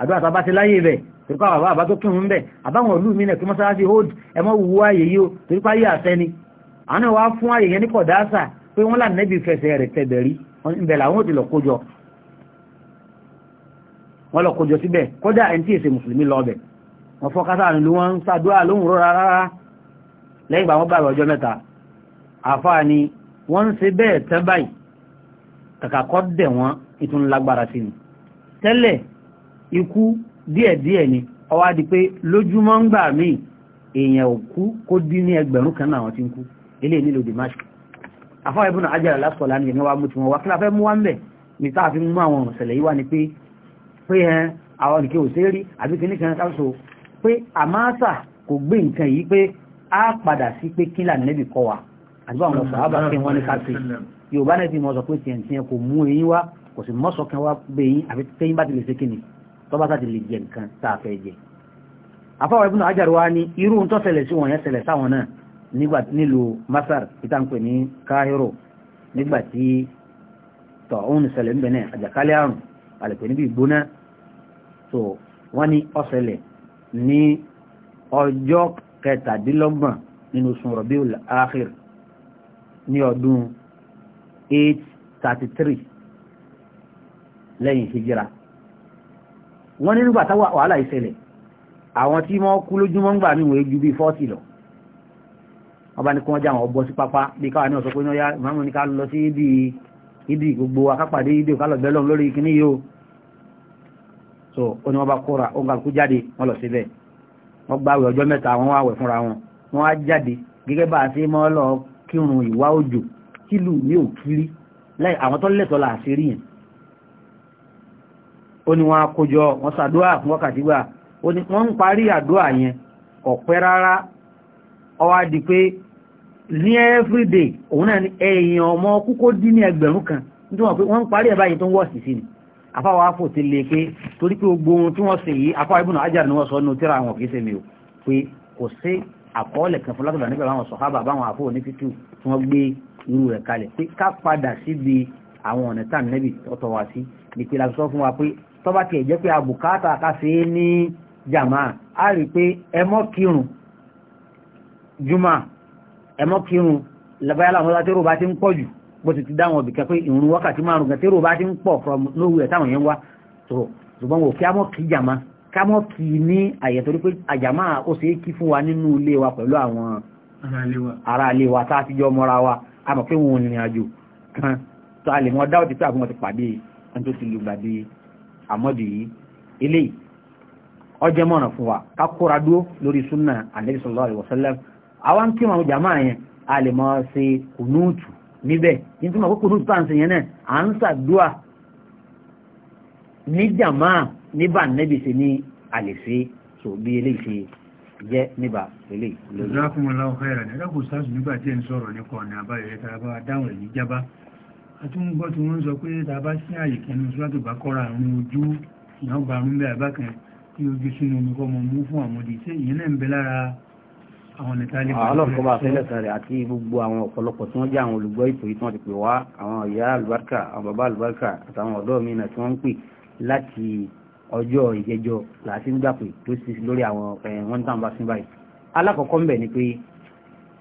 àdúrà tó bá ti láyé bẹ̀ torípa àwọn àbá tó kírun bẹ̀ àbáwọn ìlú mi nẹ̀kí mọ́sálásí hold ẹmọ́ wu ààyè yìí o torípa yìí àṣẹ ni àwọn náà wá fún ààyè yẹn ní kọ̀dáṣà pé wọ́n lànà níbi ìfẹsẹ̀ rẹ̀ tẹ̀bẹ̀ rí ibẹ̀ làwọn ò ti lọ kójọ wọ́n lọ kójọ síbẹ̀ kódà ẹni tí èsè mùsùlùmí lọ bẹ̀ wọ́n fọ́ kásá àlùlù wọn ṣàdúrà lóhùn rọra rárá lẹ́yìn ìgbà wọn bá ọjọ́ mẹ́ta àfáà ni wọ́n ń ṣe bẹ́ẹ̀ tẹ́ báyìí kàkà kọ́ dẹ̀ wọ́n ìtún sí ni tẹ́lẹ̀ ikú díẹ̀díẹ̀ ni ọwá di pé lójúmọ́ ń gbà míì èèyàn ò kú kó dín ní ẹgbẹ̀rún kan náà wọ́n ti ń kú eléyìí nílò Damask afọ́ ibùnà ajára lásìkò lánàá yẹn wá mú ti wọn wá kílá fẹ́ mú wá ń bẹ̀ ní tá a fi mú àwọn ìṣẹ̀lẹ̀ yìí wá ni pé pé ẹn àwọn nìkẹ́ ò ṣe rí àbí kìíní kan káṣọ pé àmáṣà kò gbé nǹkan yìí pé á padà sí pé kílà nẹ́bì kọ́ wa àdúgbò àwọn ọ̀sán àbá kí wọ́n ní ká ṣe Yorùbá náà ti mọ̀ sọ pé tiẹ̀ tiẹ̀ kò mú eyín wá kò sì mọ́sọ̀kan wá gbé yín àbí tẹ́yìn bá ti lè ṣe kíni tọ́ba sáti lè jẹ nǹkan tá a fẹ́ jẹ afáwọn ibùdó ajáru wa ní irú ń tọ́sẹ̀lẹ̀ sí wọn yẹn sáwọn náà nígbà nílùú masar títà ń pè ní káhírò nígbà tí tọ̀ òun ṣẹlẹ̀ ń bẹ̀ náà àjàkálẹ̀ àrùn àlẹ̀pẹ̀ níbi ìgbóná so wọ́n ní ọ̀sẹ̀lẹ̀ ní ọjọ́ kẹtàdínlọ́gbọ̀n nínú oṣù rọ̀bíùl áhìr ní ọdún 833 lẹ́yìn hijira wọ́n ní nígbà táwọn wàhálà ìṣẹ̀lẹ̀ àwọn tí wọ́n kú lójúmọ́ ń gbà mí wọ́n ju bí fọ́ọ̀tì lọ wọ́n bá ní kí wọ́n já wọn bọ́ sí pápá bí káwa ní ọ̀sọ́ pé náà ìmáàmù ní ká lọ sí ibi ibi gbogbo akápàdé ibi ká lọ lọ́n lórí kíní yìí so ó ní wọ́n bá kóra ó ń ga kú jáde wọ́n lọ síbẹ̀ wọ́n gba àwẹ̀ ọjọ́ mẹ́ta wọ́n wá wẹ̀ fúnra wọn wọ́n á jáde gẹ́gẹ́ bá a ṣe mọ́ lọ kírun ìwá òjò kílù ní òkiri láì àwọn tó lẹ́tọ̀ọ́ là àṣírí yẹn ó ní wọ́n akójọ wọ́n sàdúà fún wákàtí gbà ó ní wọ́n ń parí àdúà yẹn kò pẹ́ rárá ó wá di pé ní everyday òun náà ni èèyàn ọmọ kúkó dín ní ẹgbẹ̀rún kan nítorí wọn pé wọ́n ń parí ẹ̀ báyìí tó ń wọ́ọ̀sì sí ni afáwọn afò ti lè pé torí pé gbogbo ohun tí wọ́n ṣe yìí afáwọn ibùnà ajára ni wọ́n sọ nínú àkọọ́lẹ̀ kan fún nígbà àwọn sọ̀hábà báwọn afọ onífítù tí wọ́n gbé irú rẹ̀ kalẹ̀ pé ká padà síbi àwọn ọ̀nà tá nẹ́bì ọ̀tọ̀ sí ni pé la sọ fún wa pé tọ́ba tiẹ̀ jẹ́ pé àbùkátà káṣe ní jàmá a rí pé ẹmọ́ kírun jùmọ̀ ẹmọ́ kírun labayala àwọn ọlá tẹ́rù bá ti ń pọ̀ jù bó ti ti dáwọn òbíkẹ́ pé ìrun wákàtí márùn gan tẹ́rù bá ti ń pọ̀ from nowhere táwọn yẹn wá sọ̀rọ̀ ṣùgbọ́n wò kí a mọ́ a ti jọ mọ́ra wa a mọ̀ pé wọn ò rìnrìn àjò kan tó a lè mọ́ dáwọ́ ti pé àbúmọ̀ ti pàdé ẹni tó ti lùgbàdé àmọ́bì yìí eléyìí ọjẹ́ mọ̀nà fún wa ká kóra dúró lórí súnà ànábì sallallahu alaihi wasallam àwa ń kí wọn jàmáà yẹn a lè máa ṣe kùnúùtù níbẹ̀ nítorí wọn kó kùnúùtù tá ń ṣe náà à ń ṣàdúà ní jàmáà níbà nẹ́bì ṣe ní àlèṣe tó bí eléyìí ṣe jẹ́ níbà eléyìí. ìjọba fún wọn láwọn fẹ́ràn ẹ̀dá nígbà tí ẹ̀ sọ̀rọ̀ nípa ọ̀nà àbáyọ̀ àtúngbọ́ tí wọ́n sọ pé tàbá sí àyè kẹnu sọ́tò bá kọ́ra àrùn ojú ìyàn gba àrùn bẹ́ẹ̀ abákan tí ojú sínú omi kọ́ mọ mú fún àwọn ọmọdé ṣé ìyẹn náà ń bẹ lára àwọn nìtàlẹ́ bá ọlọ́run kọ́ bá fẹ́ lẹ́sàn rẹ̀ àti gbogbo àwọn ọ̀pọ̀lọpọ̀ tí wọ́n jẹ́ àwọn olùgbọ́ ìpè tí wọ́n ti pè wá àwọn ìyá àlùbáríkà àwọn bàbá àlùbáríkà àtàwọn ọ̀dọ́ mi náà tí wọ́n ń pè láti ọjọ́ ìjẹjọ́ làásì ń gbà pé tó sì lórí àwọn wọn tàn bá sí báyìí alákọ̀ọ́kọ́ ń bẹ̀ ni pé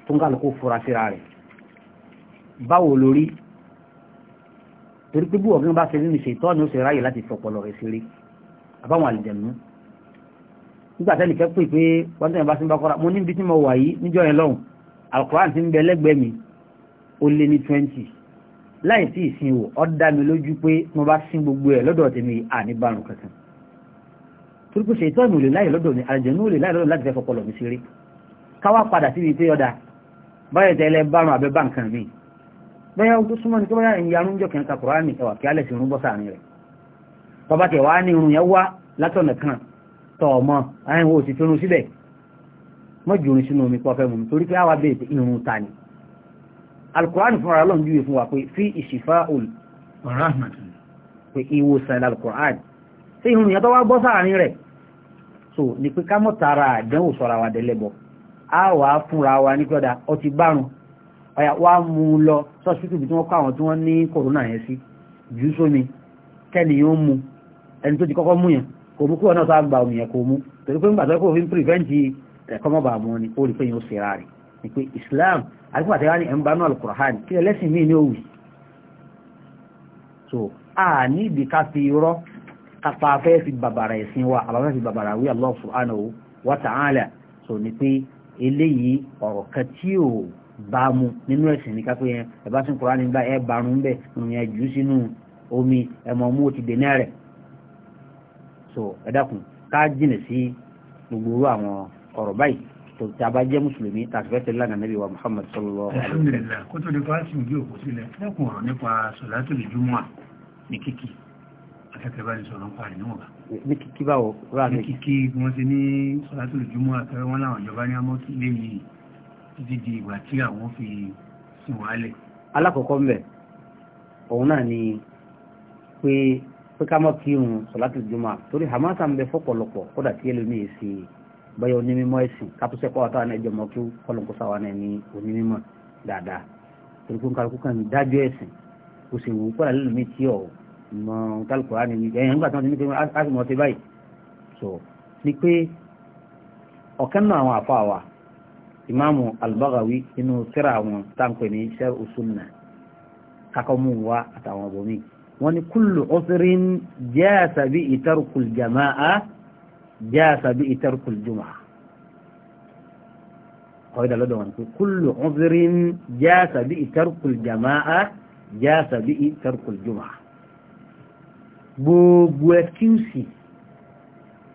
tó ń kálukú fura síra rẹ̀ báwo lórí torí pé bí ọ̀gán bá ṣe nínú ìṣètò ọ̀nà ó ṣe ráyè láti fọpọlọ rẹ̀ ṣeré àbáwọn àlìjẹ̀nú nígbà tẹ́lẹ̀ kẹ́ pè pé wọ́n tẹ́lẹ̀ bá ṣe ń bá kọ́ra mo níbi tí mo wà yìí níjọ́ yẹn lọ́hùn alukoran ti ń bẹ lẹ́gbẹ̀ẹ́ mi ó lé ní twenty láì sí ìsìn wò ọ́ dá mi lójú pé mo bá sin gbogbo ẹ̀ lọ́dọ̀ tèmi àní bárùn kankan torí pé ṣètò ọ̀nà ò lè láyè lọ́dọ̀ mi àlìjẹ̀nú ò lè láyè lọ́dọ̀ láti fẹ́ fọpọlọ mi ṣeré káwá padà síbi pé ọ̀dà báyọ̀ tẹ́lẹ̀ bárùn àbẹ́ bá nǹkan mìíràn bẹ́yà ó tó súnmọ́ ní kí bọ́yá ìyá arúnjọ kìí ka kùránì ẹwà kí alẹ́ sí irun bọ́ sáàrin rẹ̀ tọba tẹ̀ wá ní irun yẹn wá látọ̀nà kan tọ̀ ọmọ àyẹ̀wò òsì tó irun síbẹ̀ mọ́jú orin sínú omi pọ́fẹ́ mu torí pé àwa bèèrè irun ta ni alukurani fúnra lọ́n júwe fún wa pé fi ìṣìfà ol pé ìwòsàn alukurani sí irun yẹn tó wá bọ́ sáàrin rẹ̀ so ní pé ká mọ̀ tara àdánwò sọ̀rọ̀ àwa dẹ́lẹ́bọ̀ á wàá fúnra wa ní kí ọ̀dà ọtí bárun ọ̀yà wá mú un lọ sọ́sítù bí wọ́n kọ́ àwọn tí wọ́n ní kòrónà yẹn sí jù sómi kẹ́ni yóò mú ẹni tó ti kọ́kọ́ mú yẹn kò mú kúrò náà tó àgbà omi yẹn kò mú torí pé ń gbàtọ́ kó fi ń pìrìfẹ́ǹtì ẹ̀kọ́ mú ni ó rí pé yóò ṣèrà rẹ̀ ni pé Islam àdúgbò àti wáni ẹ̀mbá náà alukur'an kí ẹlẹ́sìn míì ní òwì so a ní ìdí ká fi rọ́ kápá fẹ́ fi bàbàrà ẹ̀sìn wa àbáfẹ́ fi bàbàrà wí Allah subhanahu wa ta'ala so ni pé eléyìí ọ̀rọ̀ kan tí ò Baamu, nínú ẹ̀sìn ní kápẹ́ yẹn ẹ bá sún kúránì bá ẹ bàrún bẹ́ẹ̀ òun yẹn jù sínú omi ẹ̀mọ̀ mú ti dènà rẹ̀ so ẹ dákun ká jìnà sí gbogbo orú àwọn ọ̀rọ̀ báyìí tó tí a bá jẹ́ mùsùlùmí tàbífẹ́sẹ̀ lánàá nàbí wa Muhammad sallallahu alaihi wa sallam. kó tó di fásitì ìgbé òkú sílẹ̀ lẹ́kùn ọ̀rọ̀ nípa sọ̀látò lè júmọ́ ní kíkì akẹ́kẹ̀ẹ́bá ní sọ̀rọ̀ ń parí níwọ̀n. ní kíkì báwo rà ní títí di ìgbà tí àwọn fi sùn wálẹ̀. alákọ̀ọ́kọ́ mbẹ̀ òun náà ni pé pé ká mọ̀ kí irun sọ̀látì jùmọ̀ torí hamasa ń bẹ fọ́pọ̀lọpọ̀ kódà tí ẹlòmíì sí báyọ̀ onímọ̀ ẹ̀sìn kápẹ́sẹ̀ kọ́ àtàwọn ẹ̀jọ̀ mọ́ kí kọ́lọ́nkó sáwa náà ní onímọ̀ dáadáa torí pé kálukú kan dájọ́ ẹ̀sìn kò sì wù kódà lẹ́lòmíì tí ọ̀ mọ kálukú á nìyí ẹ̀yìn nígbà tí wọ́n ti ní pé á sì mọ̀ ọ́ ti báyìí so ni pé ọ̀kan náà àwọn àfa wa ìmáàmù albagawi nínú tírà àwọn táǹpẹ̀ ní iṣẹ́ òṣùnà kakọ́mù wa àtàwọn ọ̀bọ̀mí wọ́n ní kúlù ọ́sírin jẹ́ àṣàbí ìtàrùkùl jama'a jẹ́ àṣàbí ìtàrùkùl jùmọ̀ ọ̀rẹ́dà lọ́dọ̀ wọn pé kúlù ọ́sírin jẹ́ àṣàbí ìtàrùkùl jama'a jẹ́ àṣàbí ìtàrùkùl jùmọ̀ gbogbo ẹkíùsì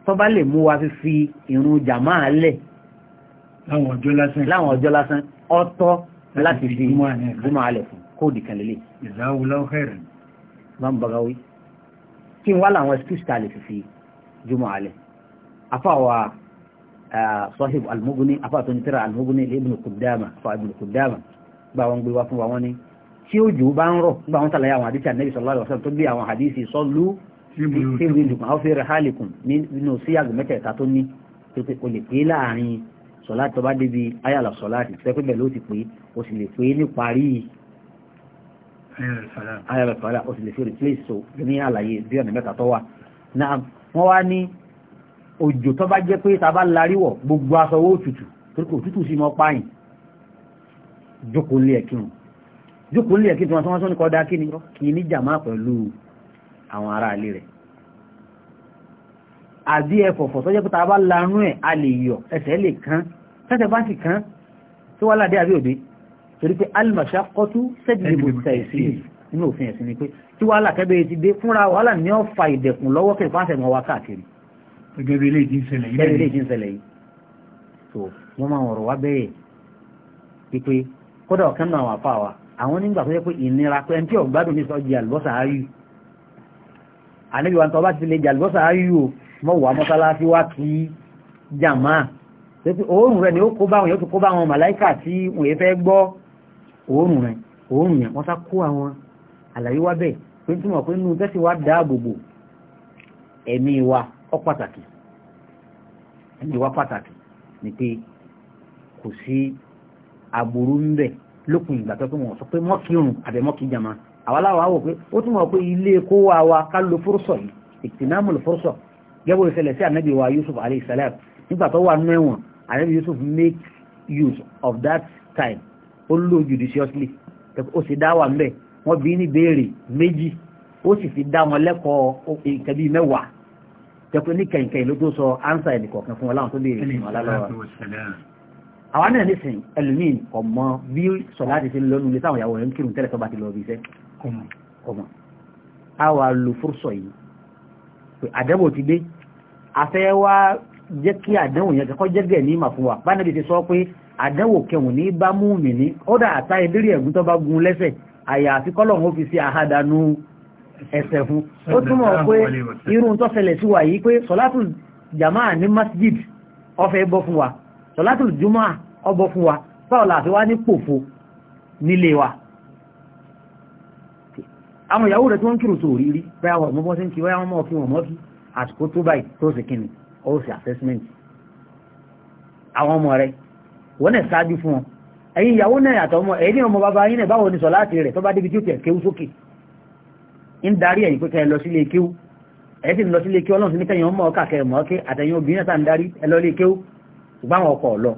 tó bá lè mú wa fi fi ìrun jàmáà lẹ̀ láwọn ọjọ́ lásán ọ̀tọ̀ láti fi jùmọ̀ alẹ̀ fún kóòdì kan lélẹ̀. Imam Bagawi kí n wá láwọn excuse ta lè fi fi jùmọ̀ alẹ̀ afáwa sahib al-Mughni afáàtò ní tẹ́ra al-Mughni Ibn Qudama fa Ibn Qudama gba wọn gbé wá fún wa wọn ni tí ó jù bá ń rọ̀ gba wọn tàlàyé àwọn àdíṣà Nabi sallallahu alaihi wasallam tó gbé àwọn àdíṣì sọ́lú sí ìlú ìlú kan sọ̀lá tó bá débi ayàlà sọ̀lá àti tẹ́ pé bẹ́ẹ̀ ló ti pé o sì lè pé ní parí ayàlà sọ̀lá o sì lè fi replace so ní àlàyé bí ọ̀nà mẹ́ta tó wà náà wọ́n wá ní òjò tó bá jẹ́ pé ta bá gbogbo aṣọ owó òtútù torí kò sí mọ́ páyìn jókòó lé ẹ̀kírun jókòó lé ẹ̀kírun tí wọ́n sọ ní kọ́dá kí ni kì í níjà máa pẹ̀lú àwọn ará ilé rẹ̀ àbí ẹ̀fọ̀fọ̀ tó jẹ́ pé tàbá lanú ẹ̀ a lè yọ ẹsẹ̀ lè kán tẹ́tẹ̀ bá sì kán tó wá ládé àbí òde torí pé alìmọ̀ṣá kọ́tú sẹ́dìlì bò tẹ̀ sí inú òfin ẹ̀sìn ni pé tí wàhálà kẹ́bẹ̀rẹ̀ ti dé fúnra wàhálà ní ó fa ìdẹ̀kùn lọ́wọ́ kẹ́ fáṣẹ̀ mọ́ wa káàkiri. gẹ́gẹ́ bí eléyìí ti ń ṣẹlẹ̀ yìí. so wọ́n máa ọ̀rọ̀ wá bẹ́ẹ̀ pípé kódà ọ̀kan náà wà fáwa àwọn nígbà tó yẹ pé ìnira pé ẹni tí ọ̀gbádùn ní sọ́ọ́ jẹ àlùbọ́sà áyù àníbi wa ń tọ́ bá ti lè jẹ àlùbọ́sà áyù o mọ́ wà mọ́sálásí wá kí jàmá oòrùn rẹ̀ ni ó kó báwọn yóò tó kó báwọn màláìkà tí wọ́n yẹ fẹ́ gbọ́ oòrùn rẹ̀ oòrùn yẹn wọ́n sá kó àwọn àlàyé wá bẹ́ẹ̀ pé túnmọ̀ pé nínú tẹ́sí wá dáàbòbò ẹ̀mí wa ó pàtàkì ẹ̀mí wa pàtàkì ni pé kò sí aburú ń bẹ lókun ìgbà tó pé wọ́n sọ pé mọ́kìrùn àbẹ̀ mọ́kì jàmá àwa láwa wò pé ó túnmọ̀ pé ilé kó wa wa ká lo fúrúsọ̀ yìí ìtìnámù lò fúrúsọ̀ gẹ́gbọ́ ìṣẹ̀lẹ̀ sí ànábì wa Yusuf alayhi salam nígbà tó wà mẹ́wọ̀n ànábì Yusuf make use of that time ó lò judiciously ó sì dá wà mbẹ́ wọ́n bí ní béèrè méjì ó sì fi dá wọn lẹ́kọ̀ọ́ nǹkan bíi mẹ́wàá tẹ́kọ̀ ní kẹ̀kẹ́ ló tó sọ ánsà ẹ̀ nìkọ̀ọ̀kan fún wọn láwọn tó lè rìn wọn lálọ́wọ́ àwọn náà nísìn ẹlòmíín kò mọ bí sọlá ti ṣe lọ́nu ilé táwọn ìyàwó rẹ̀ ń kírun tẹ́lẹ̀ tó bá ti lọ bí iṣẹ́ kọ̀mọ̀ a wà lò fúrúsọ yìí pé àdẹ́bò ti dé afẹ́ wá jẹ́ kí àdánwò yẹn kẹ́kọ́ jẹ́gẹ̀ ní ìmà bá nàbí ti sọ pé àdánwò kẹwùn ní bá mú mi ní ọdá àtà ìdírí ẹ̀gún tó bá gun lẹ́sẹ̀ àyàfi kọ́lọ̀hún fi sí àhádanú ẹsẹ̀ fún ó túmọ̀ pé irú tó fẹlẹ̀ sí wà yìí pé jamaa ní masjid ọfẹ́ bọ́ fún wa fún wa wá ní pòfo nílé wa àsìkò tó báyìí tó sì kíni ó sì assessment àwọn ọmọ rẹ wọ́n náà ṣáájú fún wọn ẹ̀yin ìyàwó náà àtọ́ ọmọ ẹ̀yìn ọmọ bàbá yín náà báwo ni sọ láti rẹ̀ tó bá débi tí ó tẹ̀ kéwú sókè ń darí ẹ̀yìn pé kẹ́ lọ sílé kéwú ẹ̀yìn sì ń lọ sílé kéwú ọlọ́run sí ní kẹ́yìn ọmọ ọkà kẹ́ mọ́ ọ́kẹ́ àtẹ̀yìn obìnrin náà tá ń darí ẹ lọ lé kéwú ṣùgbọ́n àwọn ọkọ̀ lọ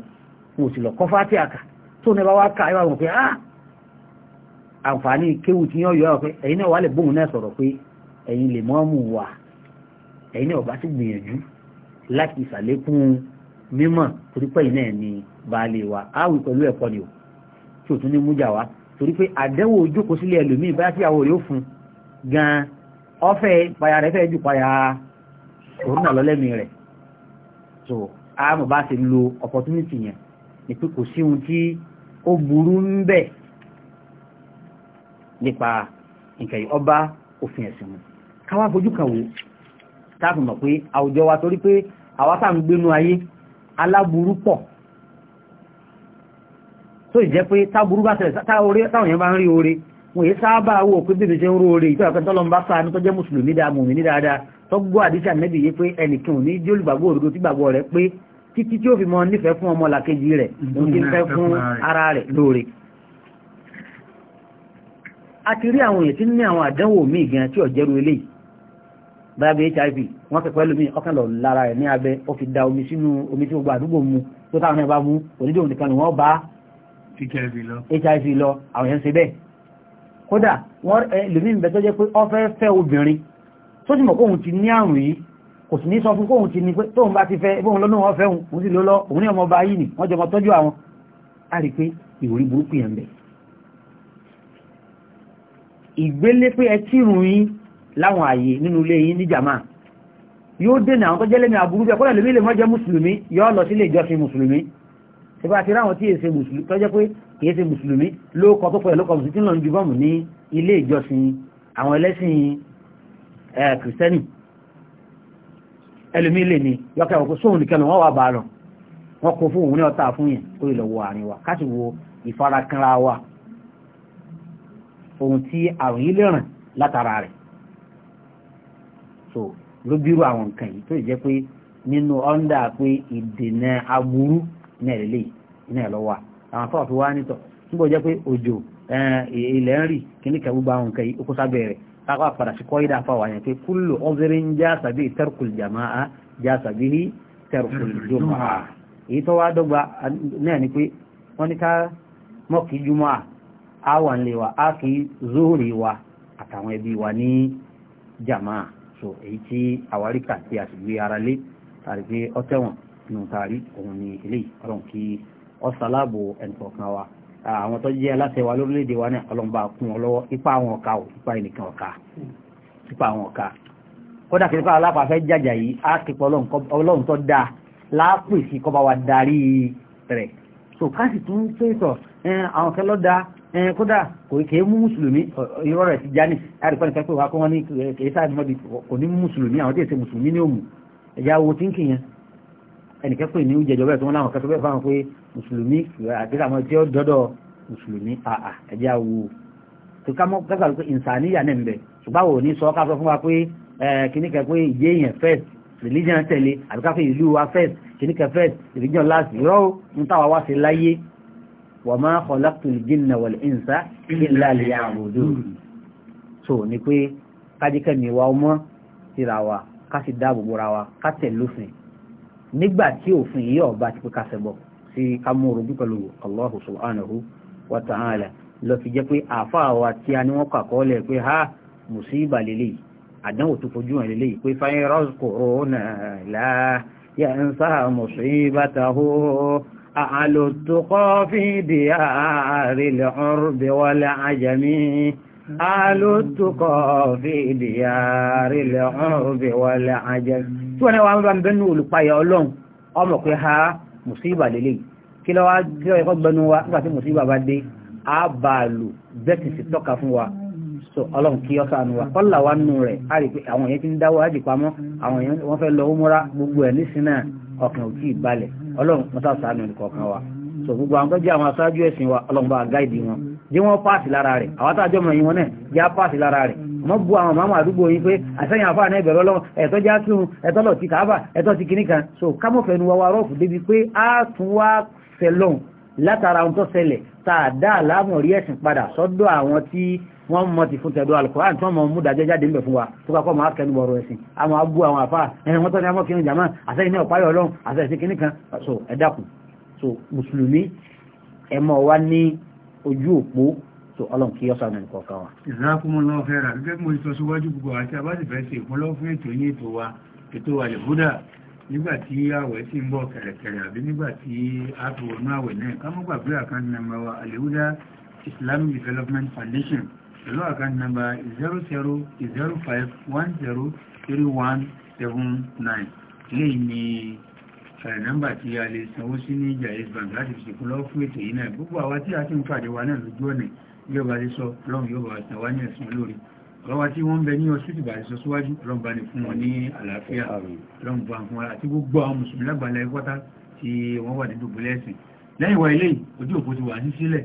wọn ò sì lọ kọ́fà tí a kà tó ní bá ká ẹwà wọn pé ah àǹfààní kéwú ti yán yọ ẹ̀yìn náà wà lè bóun náà sọ̀rọ̀ pé ẹ̀yin lè mọ́ mú wà ẹ̀yin náà ti gbìyànjú láti ìsàlékún mímọ̀ torí pé iná ni baálé wa áwì pẹ̀lú ẹ̀kọ́ ni o tí ò tún ní mújà wa torí pé àdẹ́wò ojókòó sílé ẹlòmíì bá tí àwọn yóò fún gan ọ̀fẹ́ payà rẹ̀ fẹ́ ju payà òrùnà lọ́lẹ́mìí rẹ̀ so àmọ̀ bá ti lo opportunity yẹn ni pé kò sí ohun tí ó burú ń bẹ nípa nǹkan yìí ọba òfin ẹ̀sìn mu káwá fojú kan wò táàfù mọ̀ pé àwùjọ wa torí pé àwa tá ń gbénu ayé aláburú pọ̀ tó ìjẹ́ pé táburú bá tẹ̀lẹ̀ táwọn èèyàn bá ń rí oore wọ́n èyí sáábà wò pé bèbè ṣe ń rú oore ìtọ́ ẹ̀kọ́ tọ́lọ́m bá sáà ní tó jẹ́ mùsùlùmí dáa mùmí ní dáadáa tó gbọ́ àdíṣà nẹ́bì yé pé ẹnìkan ò ní jẹ́ olùgbàgbọ́ òdodo tí gbàgbọ́ rẹ̀ pé títí tí ó rí àwọn èèyàn tí ní àwọn àdánwò míì gan ọ̀jẹ́rú eléyìí báyàbí hiv wọ́n kẹ̀kọ́ ẹlòmí ọkàn lọ lára ẹ̀ ní abẹ́ ó fi da omi sínú omi tí gbogbo àdúgbò mu tó táwọn ẹ̀ bá mu onídìí nìkan ni wọ́n bá hiv lọ àwọn yẹn ń ṣe bẹ́ẹ̀ kódà wọ́n ẹlòmí ń bẹ tó jẹ́ pé ó fẹ́ fẹ́ obìnrin tó sì mọ̀ kóhun ti ní àrùn yìí kò sì ní sọ fún kóhun ti ní pé tóun bá ti fẹ́ bóun lọ́nà wọn fẹ́hùn òun sì ló lọ òun ní ọmọ ọba yìí ni wọ́n jọmọ tọ́jú àwọn á rí i pé ìwòrí burúkú yẹn ń bẹ ìgbélé pé ẹ kírun yín láwọn ààyè nínú ilé yìí ní jàmá yóò dènà àwọn tó jẹ́lẹ́mì àbúrú bẹ́ẹ̀ kọ́lẹ̀ lómi lè mọ́ jẹ́ mùsùlùmí yóò lọ sílé ìjọsìn mùsùlùmí ṣe bá ti ráwọn tí èsè mùsùlùmí tó jẹ́ pé kìí ṣe mùsùlùmí ló kọ tó pẹ̀lú kọmùsùn tí lọ ń ju bọ́ọ̀mù ní ilé ìjọsìn àwọn ẹlẹ́sìn kìrìsìtẹ́nì ẹlòmí lè ni yọkẹ́ òkú sóhun nìkan wọn wà bá lọ wọn kò so ló bírú àwọn nǹkan yìí tó jẹ́ pé nínú ọ́ndà pé ìdènà aburú ní ẹ̀rẹ́lẹ̀ iná ẹ̀ lọ́wọ́ àwọn afọ́ fi wá nítọ̀ nígbà jẹ́ pé òjò ilẹ̀ ń rì kíní kẹ́ gbogbo àwọn nǹkan yìí ó kó sábẹ́ rẹ̀ káwá padà sí kọ́ ìdá afáwà yẹn pé kúlò ọ́zẹ́rẹ́ ń já sàbí tarkul jàmáà já sàbí tarkul jùmọ̀à èyí tó wá dọ́gba náà ni pé wọ́n ní ká mọ́kì jùmọ̀à á wà ń lè wa á kì í zóòrè wa àtàwọn ẹbí wa ní jàmáà so èyí tí àwárí kà tí a sì gbé ara lé tàbí pé ọtẹ́wọ̀n nù tàrí òun ni eléyìí ọlọ́run kí ọ̀sálàbò ẹnìkọ̀ọ̀kan wa àwọn tó jẹ́ aláṣẹ wa lórílẹ̀‐èdè wa náà ọlọ́run bá kún ọ lọ́wọ́ ipa àwọn ọ̀ka ò ipa ẹnìkan ọ̀ka ipa àwọn ọ̀ka kódà kí nípa alápàfẹ́ jàjà yìí á kípọ̀ ọlọ́run tó dáa láàpè sí kọ́ bá wa darí rẹ̀ so ká sì tún fèsọ̀ àwọn kẹlọ́dà Eh, kódà kò kèé mú mùsùlùmí irọ́ rẹ̀ ti jáni àríkọ́ nìkan pé wàá kọ́ wọn ní eh, kèé sáà nímọ̀bi kò ní mùsùlùmí àwọn tí èsè mùsùlùmí ní òmù ẹ̀yà owó tí ń kì yẹn ẹnìkan pè ní oúnjẹ ìjọba ẹ̀ tó wọn láwọn kẹtọ́ bẹ́ẹ̀ fáwọn pé mùsùlùmí eh, àti àwọn tí ó dọ́dọ̀ mùsùlùmí àà ẹ̀yà owó tó ká mọ́ kẹ́kọ̀ọ́ pé ìnsàníyà náà ń bẹ ṣùgbọ́n òní sọ ká sọ fún wa pé kìnnìkan pé ìyé yẹn first religion tẹ̀lé àbíkáfẹ́ ìlú wa first kìnnìkan first religion last irọ́ ń táwa wá sí láyé wa ma khalaqtul jinna wal insa illa liya'budun so ni pé kájíkẹ́ mi wa ọmọ síra wa ká sì dáàbò bora wa ká tẹ̀lé òfin nígbà tí òfin yìí ọba ti pé ká ṣẹbọ sí ká mú orojú pẹ̀lú Allahu subhanahu wa ta'ala lọ fi jẹ́ pé àáfàá wa tí a ní wọ́n kọ́ lẹ̀ pé ha mùsíbà lélẹ́yìí àdánwò tó fojú hàn lélẹ́yìí pé fáyín rọ́ọ̀sì kòrónà láà yà ń sáà mùsíbà táwọn أعلى التقى في ديار العرب والعجم أعلى التقى في ديار العرب والعجم tí wọ́n ni wọ́n bá ń bẹ́nu olùpayà ọlọ́run ọmọ pé ha mùsíbà lélẹ̀ kí lọ́wọ́ jẹ́ ẹ̀kọ́ gbẹnu wa nígbà tí mùsíbà bá dé a bá lò bẹ́ẹ̀ sì tọ́ka fún wa so ọlọ́run kí ọ́sànù wa kọ́là wa nù rẹ̀ a rí pé àwọn èèyàn ti ń dáwọ́ àjì pamọ́ àwọn èèyàn wọ́n fẹ́ lọ ó múra gbogbo ẹ̀ nísìnyà ọkàn ò tí ì balẹ̀ ọlọ́run mọ́tà sàánù nìkọ̀ọ̀kan wa so gbogbo àwọn tó jẹ́ àwọn aṣáájú ẹ̀sìn wa ọlọ́run bá gáìdì wọn jẹ́ wọ́n páàsì lára rẹ̀ àwọn àtàjọ́ mọ̀ yín wọn náà jẹ́ páàsì lára rẹ̀ mọ́ bu àwọn màmá àdúgbò yín pé àṣẹyìn àfáà náà ìbẹ̀rẹ̀ kan so kámọ́fẹ́nu wa wa rọ́ọ̀fù débi pé a tún wá fẹ́ lọ́hùn látara ohun tó ṣẹlẹ̀ wọ́n mọ̀ ti fún tẹ̀dọ̀ alkùnrin tí wọ́n mọ̀ mú dájẹ́ jáde ńbẹ̀ fún wa tó kọ́kọ́ máa kẹnu ọ̀rọ̀ ẹ̀sìn a máa bú àwọn àfá ẹni wọ́n tọ́ni amọ́kìnrin jàmá àṣẹ́yìn ní ọ̀páyọ̀ ọlọ́run àṣẹ́yìn kìíní kan so ẹ dákun so mùsùlùmí ẹ mọ̀ wá ní ojú òpó so ọlọ́run kí ọ̀sán ní kọ̀ọ̀kan wa. ìzákùnmọ́lọ́ fẹ́ rà gẹ́gẹ́ mo sọ síwájú gbogbo àti abájìfẹ́ ṣe ìpínlọ́ fún ètò yín ètò wa ètò àlèbúdà nígbà tí àwẹ̀ sì ń bọ̀ kẹ̀rẹ̀kẹ̀rẹ̀ àbí nígbà tí a fi wọnú àwẹ̀ náà ká mọ́ gbàgbé àlèbúdà Islamic Development Foundation pẹ̀lú account number 0005103179 lè ní ẹ̀rẹ̀ nọ́mbà tí a lè sanwó sí ní Jaiz Bank láti fi ṣèkún lọ́wọ́ fún ètò yìí náà gbogbo àwa tí a ti ń pàdé wa náà lójú ọ̀nà yọba lè sọ lọ́run yọba ọ̀sán wá ní ẹ̀sán lórí ọlọ́wà tí wọ́n ń bẹ ní ọ̀ṣútì bá sọ síwájú lọ́nbà ní fún wọn ní àlàáfíà lọ́nbà fún wọn àti gbogbo àwọn mùsùlùmí lágbàlẹ̀ ẹgbọ́ta tí wọ́n wà ní dùgbò lẹ́sìn lẹ́yìn wa ilé ojú òpó ti wà ní sílẹ̀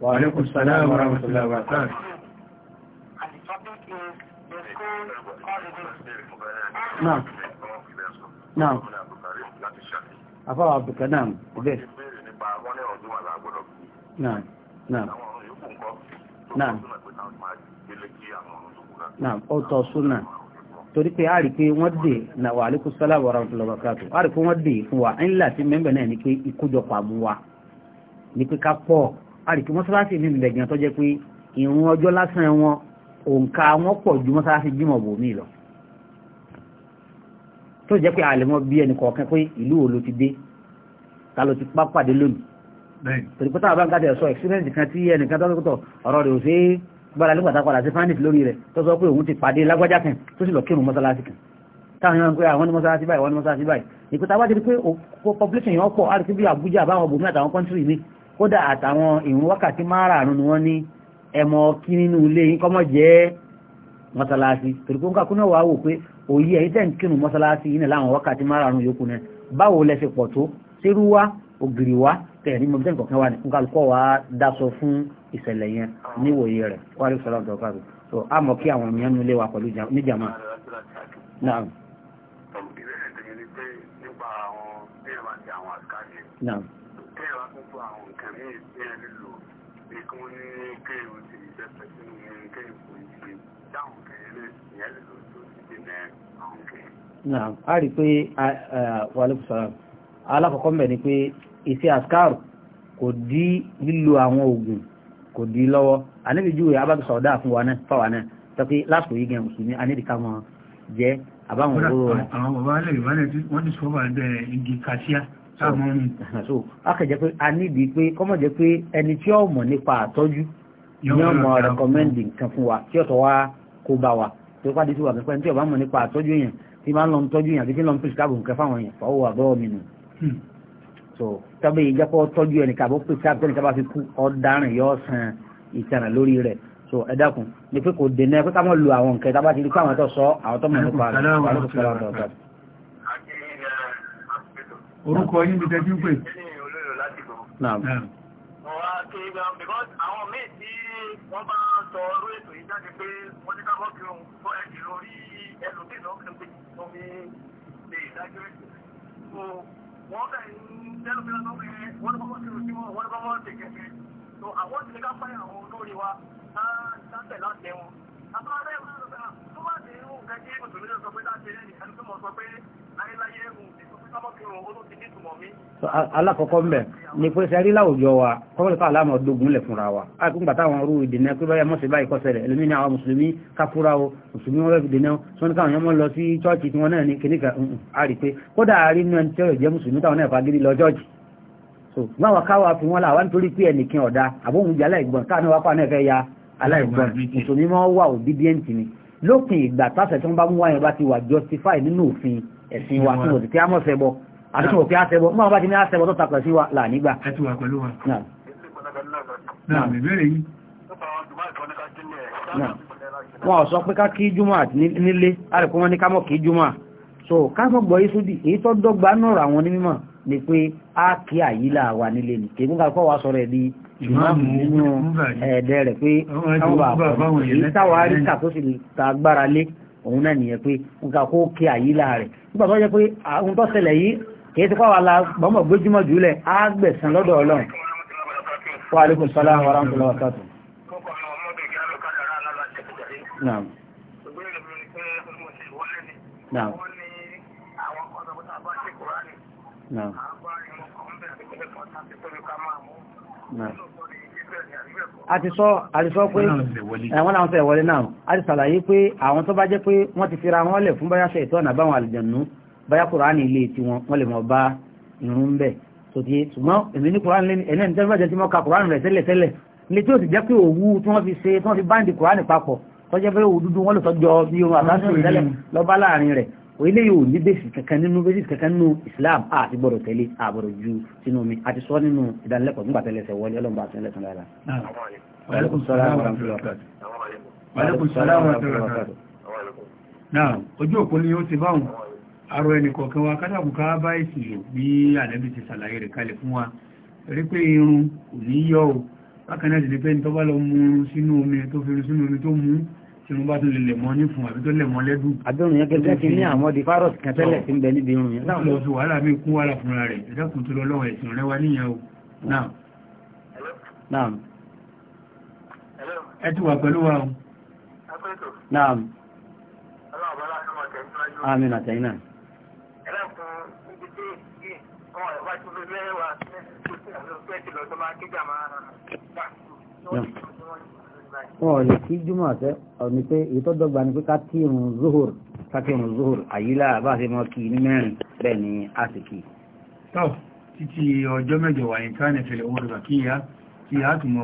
وعليكم السلام ورحمة الله وبركاته. نعم. نعم. Naam. Naam. Àfáwà Àbùkà نعم. نعم. Naam. Naam. Naam. Naam. Ó tọ́ súnà torí pé a rí pé wọ́n dè na wà alékún sálà wà ráhùn tọ́lọ́wà káàtó a rí pé wọ́n dè fún wa ńlá sí mẹ́mbẹ̀ náà ni pé ìkójọpọ̀ àmúwa ni pé ká pọ̀ àríkí mọ́sálásí ní ilẹ̀ gan tó jẹ́ pé ìrún ọjọ́ lásán wọn òǹkà wọn pọ̀ ju mọ́sálásí jímọ̀ bò mí lọ tó jẹ́ pé àlẹ́mọ́ bí ẹnì kọ̀ọ̀kan pé ìlú wo ló ti dé ta ló ti pàpàdé lónìí torí pé táwọn bá ń sọ experience kan tí ẹnìkan tó tó ọ̀rọ̀ rẹ̀ ò ṣe é gbára nígbàtà padà sí fanit lórí rẹ̀ tó sọ pé òun ti pàdé lágbájá kan tó sì lọ kírun mọ́sálásí kan táwọn yàn pé àwọn ah, ní mọ́sálásí báyìí wọ́n ní mọ́sálásí báyìí ìpẹ́ta wá ti rí pé population yẹn pọ̀ àti bí Àbújá àbáwọn bòmí àtàwọn country ni kódà àtàwọn ìrun wákàtí márààrún ni wọ́n ní ẹmọ kí nínú ilé yín kọ́mọ jẹ́ mọ́sálásí torí pé ń kàkúnná wàá wò pé òye ẹ̀yìn tẹ̀ ń kírun mọ́sálásí yìí náà láwọn wákàtí márààrún yòókù náà báwo lẹ pọ̀ tó ṣerú wá ògìrì so a mọ̀ kí àwọn èèyàn nílé wa yìí tí ẹ lílò bí kí wọ́n ní kéèyàn ti ìjẹ́pẹ̀ sínú kéèyàn kò ní ṣe dáhùn kẹ́yìn náà ìyẹn lílò tó ti dènà àwọn a rí i pé wàlúù sọ̀rọ̀ alákọ̀ọ́kọ́ mbẹ̀ ni pé iṣẹ́ àṣkárù kò dí lílo àwọn oògùn kò dí lọ́wọ́ àníbi júwe abájú sọ̀dá fún wa náà fáwa náà tọ́pẹ́ lásìkò yìí gan mùsùlùmí anídìíká wọn jẹ́ àbáwọn òwúrò rẹ̀ so aka jẹ́ pé a níbi pé kọ́mọ̀ jẹ́ pé ẹni tí ó mọ̀ nípa àtọ́jú ni ó mọ̀ rẹ̀kọ́mẹ́ndì nǹkan fún wa tí ọ̀tọ̀ wa kó bá wa tó pàdé sí wà pé ẹni tí ó bá mọ̀ nípa àtọ́jú èèyàn tí máa ń lọ tọ́jú èèyàn àti tí ń lọ pèsìkáàbù nǹkan fáwọn èèyàn fọwọ́ wà bọ́ọ̀ mi nù hmm. so tọ́bí yìí jẹ́pọ̀ tọ́jú ẹnì kàbó pèsìkáàbù tẹ́nì kàbá fi kú ọ̀daràn yọ san ìtànà lórí rẹ̀ so ẹ dákun ni pé kò dènà pé ká lu àwọn nǹkan tá ti rí kó àwọn tó sọ àwọn tó nípa rẹ̀ orúkọ yín bí tẹ́jú pé Àwọn míì tí wọ́n bá sọ orú ètò yìí pé wọ́n ní ká bọ́ kí òun fọ́ lórí ẹlòmí lọ́kàn pé tó fi lè dájú ètò. Wọ́n bẹ̀ ń tẹ́lú bí wọ́n ní kọ́kọ́ sí òsì wọ́n ní kọ́kọ́ sí kẹ̀kẹ́. So àwọn ti fáyà àwọn olórí wa sáńtẹ̀ láti wọn. Àbúrò alákọ̀ọ́kọ́ mbẹ̀ ni pé sẹ́rí láwùjọ wa kọ́wọ́lẹ̀ fà láàmà ọdógún lẹ̀ fúnra wa akúngbà táwọn orú ìdènà pé báyẹ̀ mọ́sí báyìí kọ́sẹ̀rẹ̀ ẹlùmí ni àwọn mùsùlùmí kápúra o mùsùlùmí wọ́n rẹ̀ dènà sọ́nà káwọn yọmọ lọ sí chọ́ọ̀chì tí wọ́n náà ní kìníkà a rí pé kódà àárín náà tí ó jẹ́ mùsùlùmí táwọn náà fagídí lọ chọ́ọ̀chì so wọ́n wà káwà fi wọ́n là wá nítorí pé ẹnìkan ọ̀dà àbóhun jẹ́ aláìgbọ̀n káàánú wá pàánù ẹ̀fẹ́ ya aláìgbọ̀n mùsùlùmí wọ́n wà obedient ni lópin ìgbà tásẹ̀ tí wọ́n bá mú wáyẹn bá ti wà justify nínú òfin ẹ̀sìn wa tí mo ti pé àmọ́ ṣẹbọ àti mo pé àṣẹbọ mọ́ bá ti ní àṣẹbọ tó takọ̀ sí wa là nígbà ẹ ti wà pẹ̀lú wa wọ́n sọ pé ká kí jùmọ̀ àti nílé àrẹ̀kọ́ wọn ní ká mọ̀ kí jùmọ̀ so ká mọ̀ gbọ́ ìsúdì èyí tó dọ́gba náà rà wọn ní mímọ̀ ni pé a kí àyílà wà nílé ní kí gúnkà kọ́ wá sọ̀rọ̀ ẹ̀dí ìmáàmù nínú ẹ̀ẹ́dẹ́ rẹ̀ pé káwọn òun náà nìyẹn pé nǹkan kó kí àyílà rẹ̀ nígbà tó jẹ́ pé ohun tó ṣẹlẹ̀ yìí kìí ti pàwà la gbọ́mọ̀ gbójúmọ̀ jùlẹ̀ á gbẹ̀sán lọ́dọ̀ ọlọ́run wa alaikum salaam wa rahmatullahi wa barakatuh àti sọ àrísọ pé ẹ̀wọ́n láwọn fẹ́ wọlé náà a ti sàlàyé pé àwọn tó bá jẹ́ pé wọ́n ti fira wọn lẹ̀ fún báyáṣẹ́ ìtọ́ ọ̀nà báwọn àlìjànú báyá kùránì ilé tí wọ́n lè mọ̀ bá irun ń bẹ̀ tó ti ṣùgbọ́n èmi ní kùránì lẹ́nu ẹ̀nẹ́ nítorí bàjẹ́ tí wọ́n ka kùránì rẹ̀ tẹ́lẹ̀ tẹ́lẹ̀ ní tí ó sì jẹ́ pé òwú tí wọ́n fi ṣe tí wọ́n fi báǹdì kùránì papọ̀ tọ́jẹ́ pé òwú dúdú wọ́n lè tọ́jọ́ bí irun àtàṣe ìtẹ́lẹ̀ lọ bá láàrin rẹ̀ ilé yóò ní bèsì kankan nínú bèsì kankan nínú islam àti gbọ́dọ̀ tẹ̀lé àbọ̀dọ̀ ju sínú mi àti sọ nínú ìdánilẹ́kọ̀ọ́ nígbà tẹ́lẹ̀ ṣẹ̀ wọlé ọlọ́mọba àti ẹlẹ́sìn lára. náà ojú òpó ni ó ti báwọn arọ ẹnì kọ̀ọ̀kan wa kátàkù ká bá èsì lò bí àlẹ́bí ti ṣàlàyé rẹ̀ kalẹ̀ fún wa rí pé irun kò ní yọ o bákan náà ti di pé ní tọ́ bá lọ mú sínú omi tó fi sínú omi tó mú tí wọ́n bá tó lè lẹ̀mọ́ ní fún àbí tó lẹ̀mọ́ lẹ́dùn. àbẹ̀rùn yẹn kẹta ti ní àwọn di fárọ̀ kan tẹ́lẹ̀ tí ń bẹ níbi irun yẹn. láwọn lọ sí wàhálà mi kún wàhálà fúnra rẹ̀ ìdákùn tó lọ́wọ́ ẹ̀sìn rẹ̀ wá níyàn o. naam. ẹ ti wà pẹ̀lú wa o. naam. àmín àtẹ̀yìn náà. Yeah wọn ò lè kí júmọ̀ àtẹ́ ọ̀ní pé èyí tó dọ́gba ni pé ká kí irun zuhur ká kí irun zuhur àyílá bá ṣe mọ́ kí ní mẹ́rin bẹ́ẹ̀ ni a sì kí. tọ́ títí ọjọ́ mẹ́jọ wà ní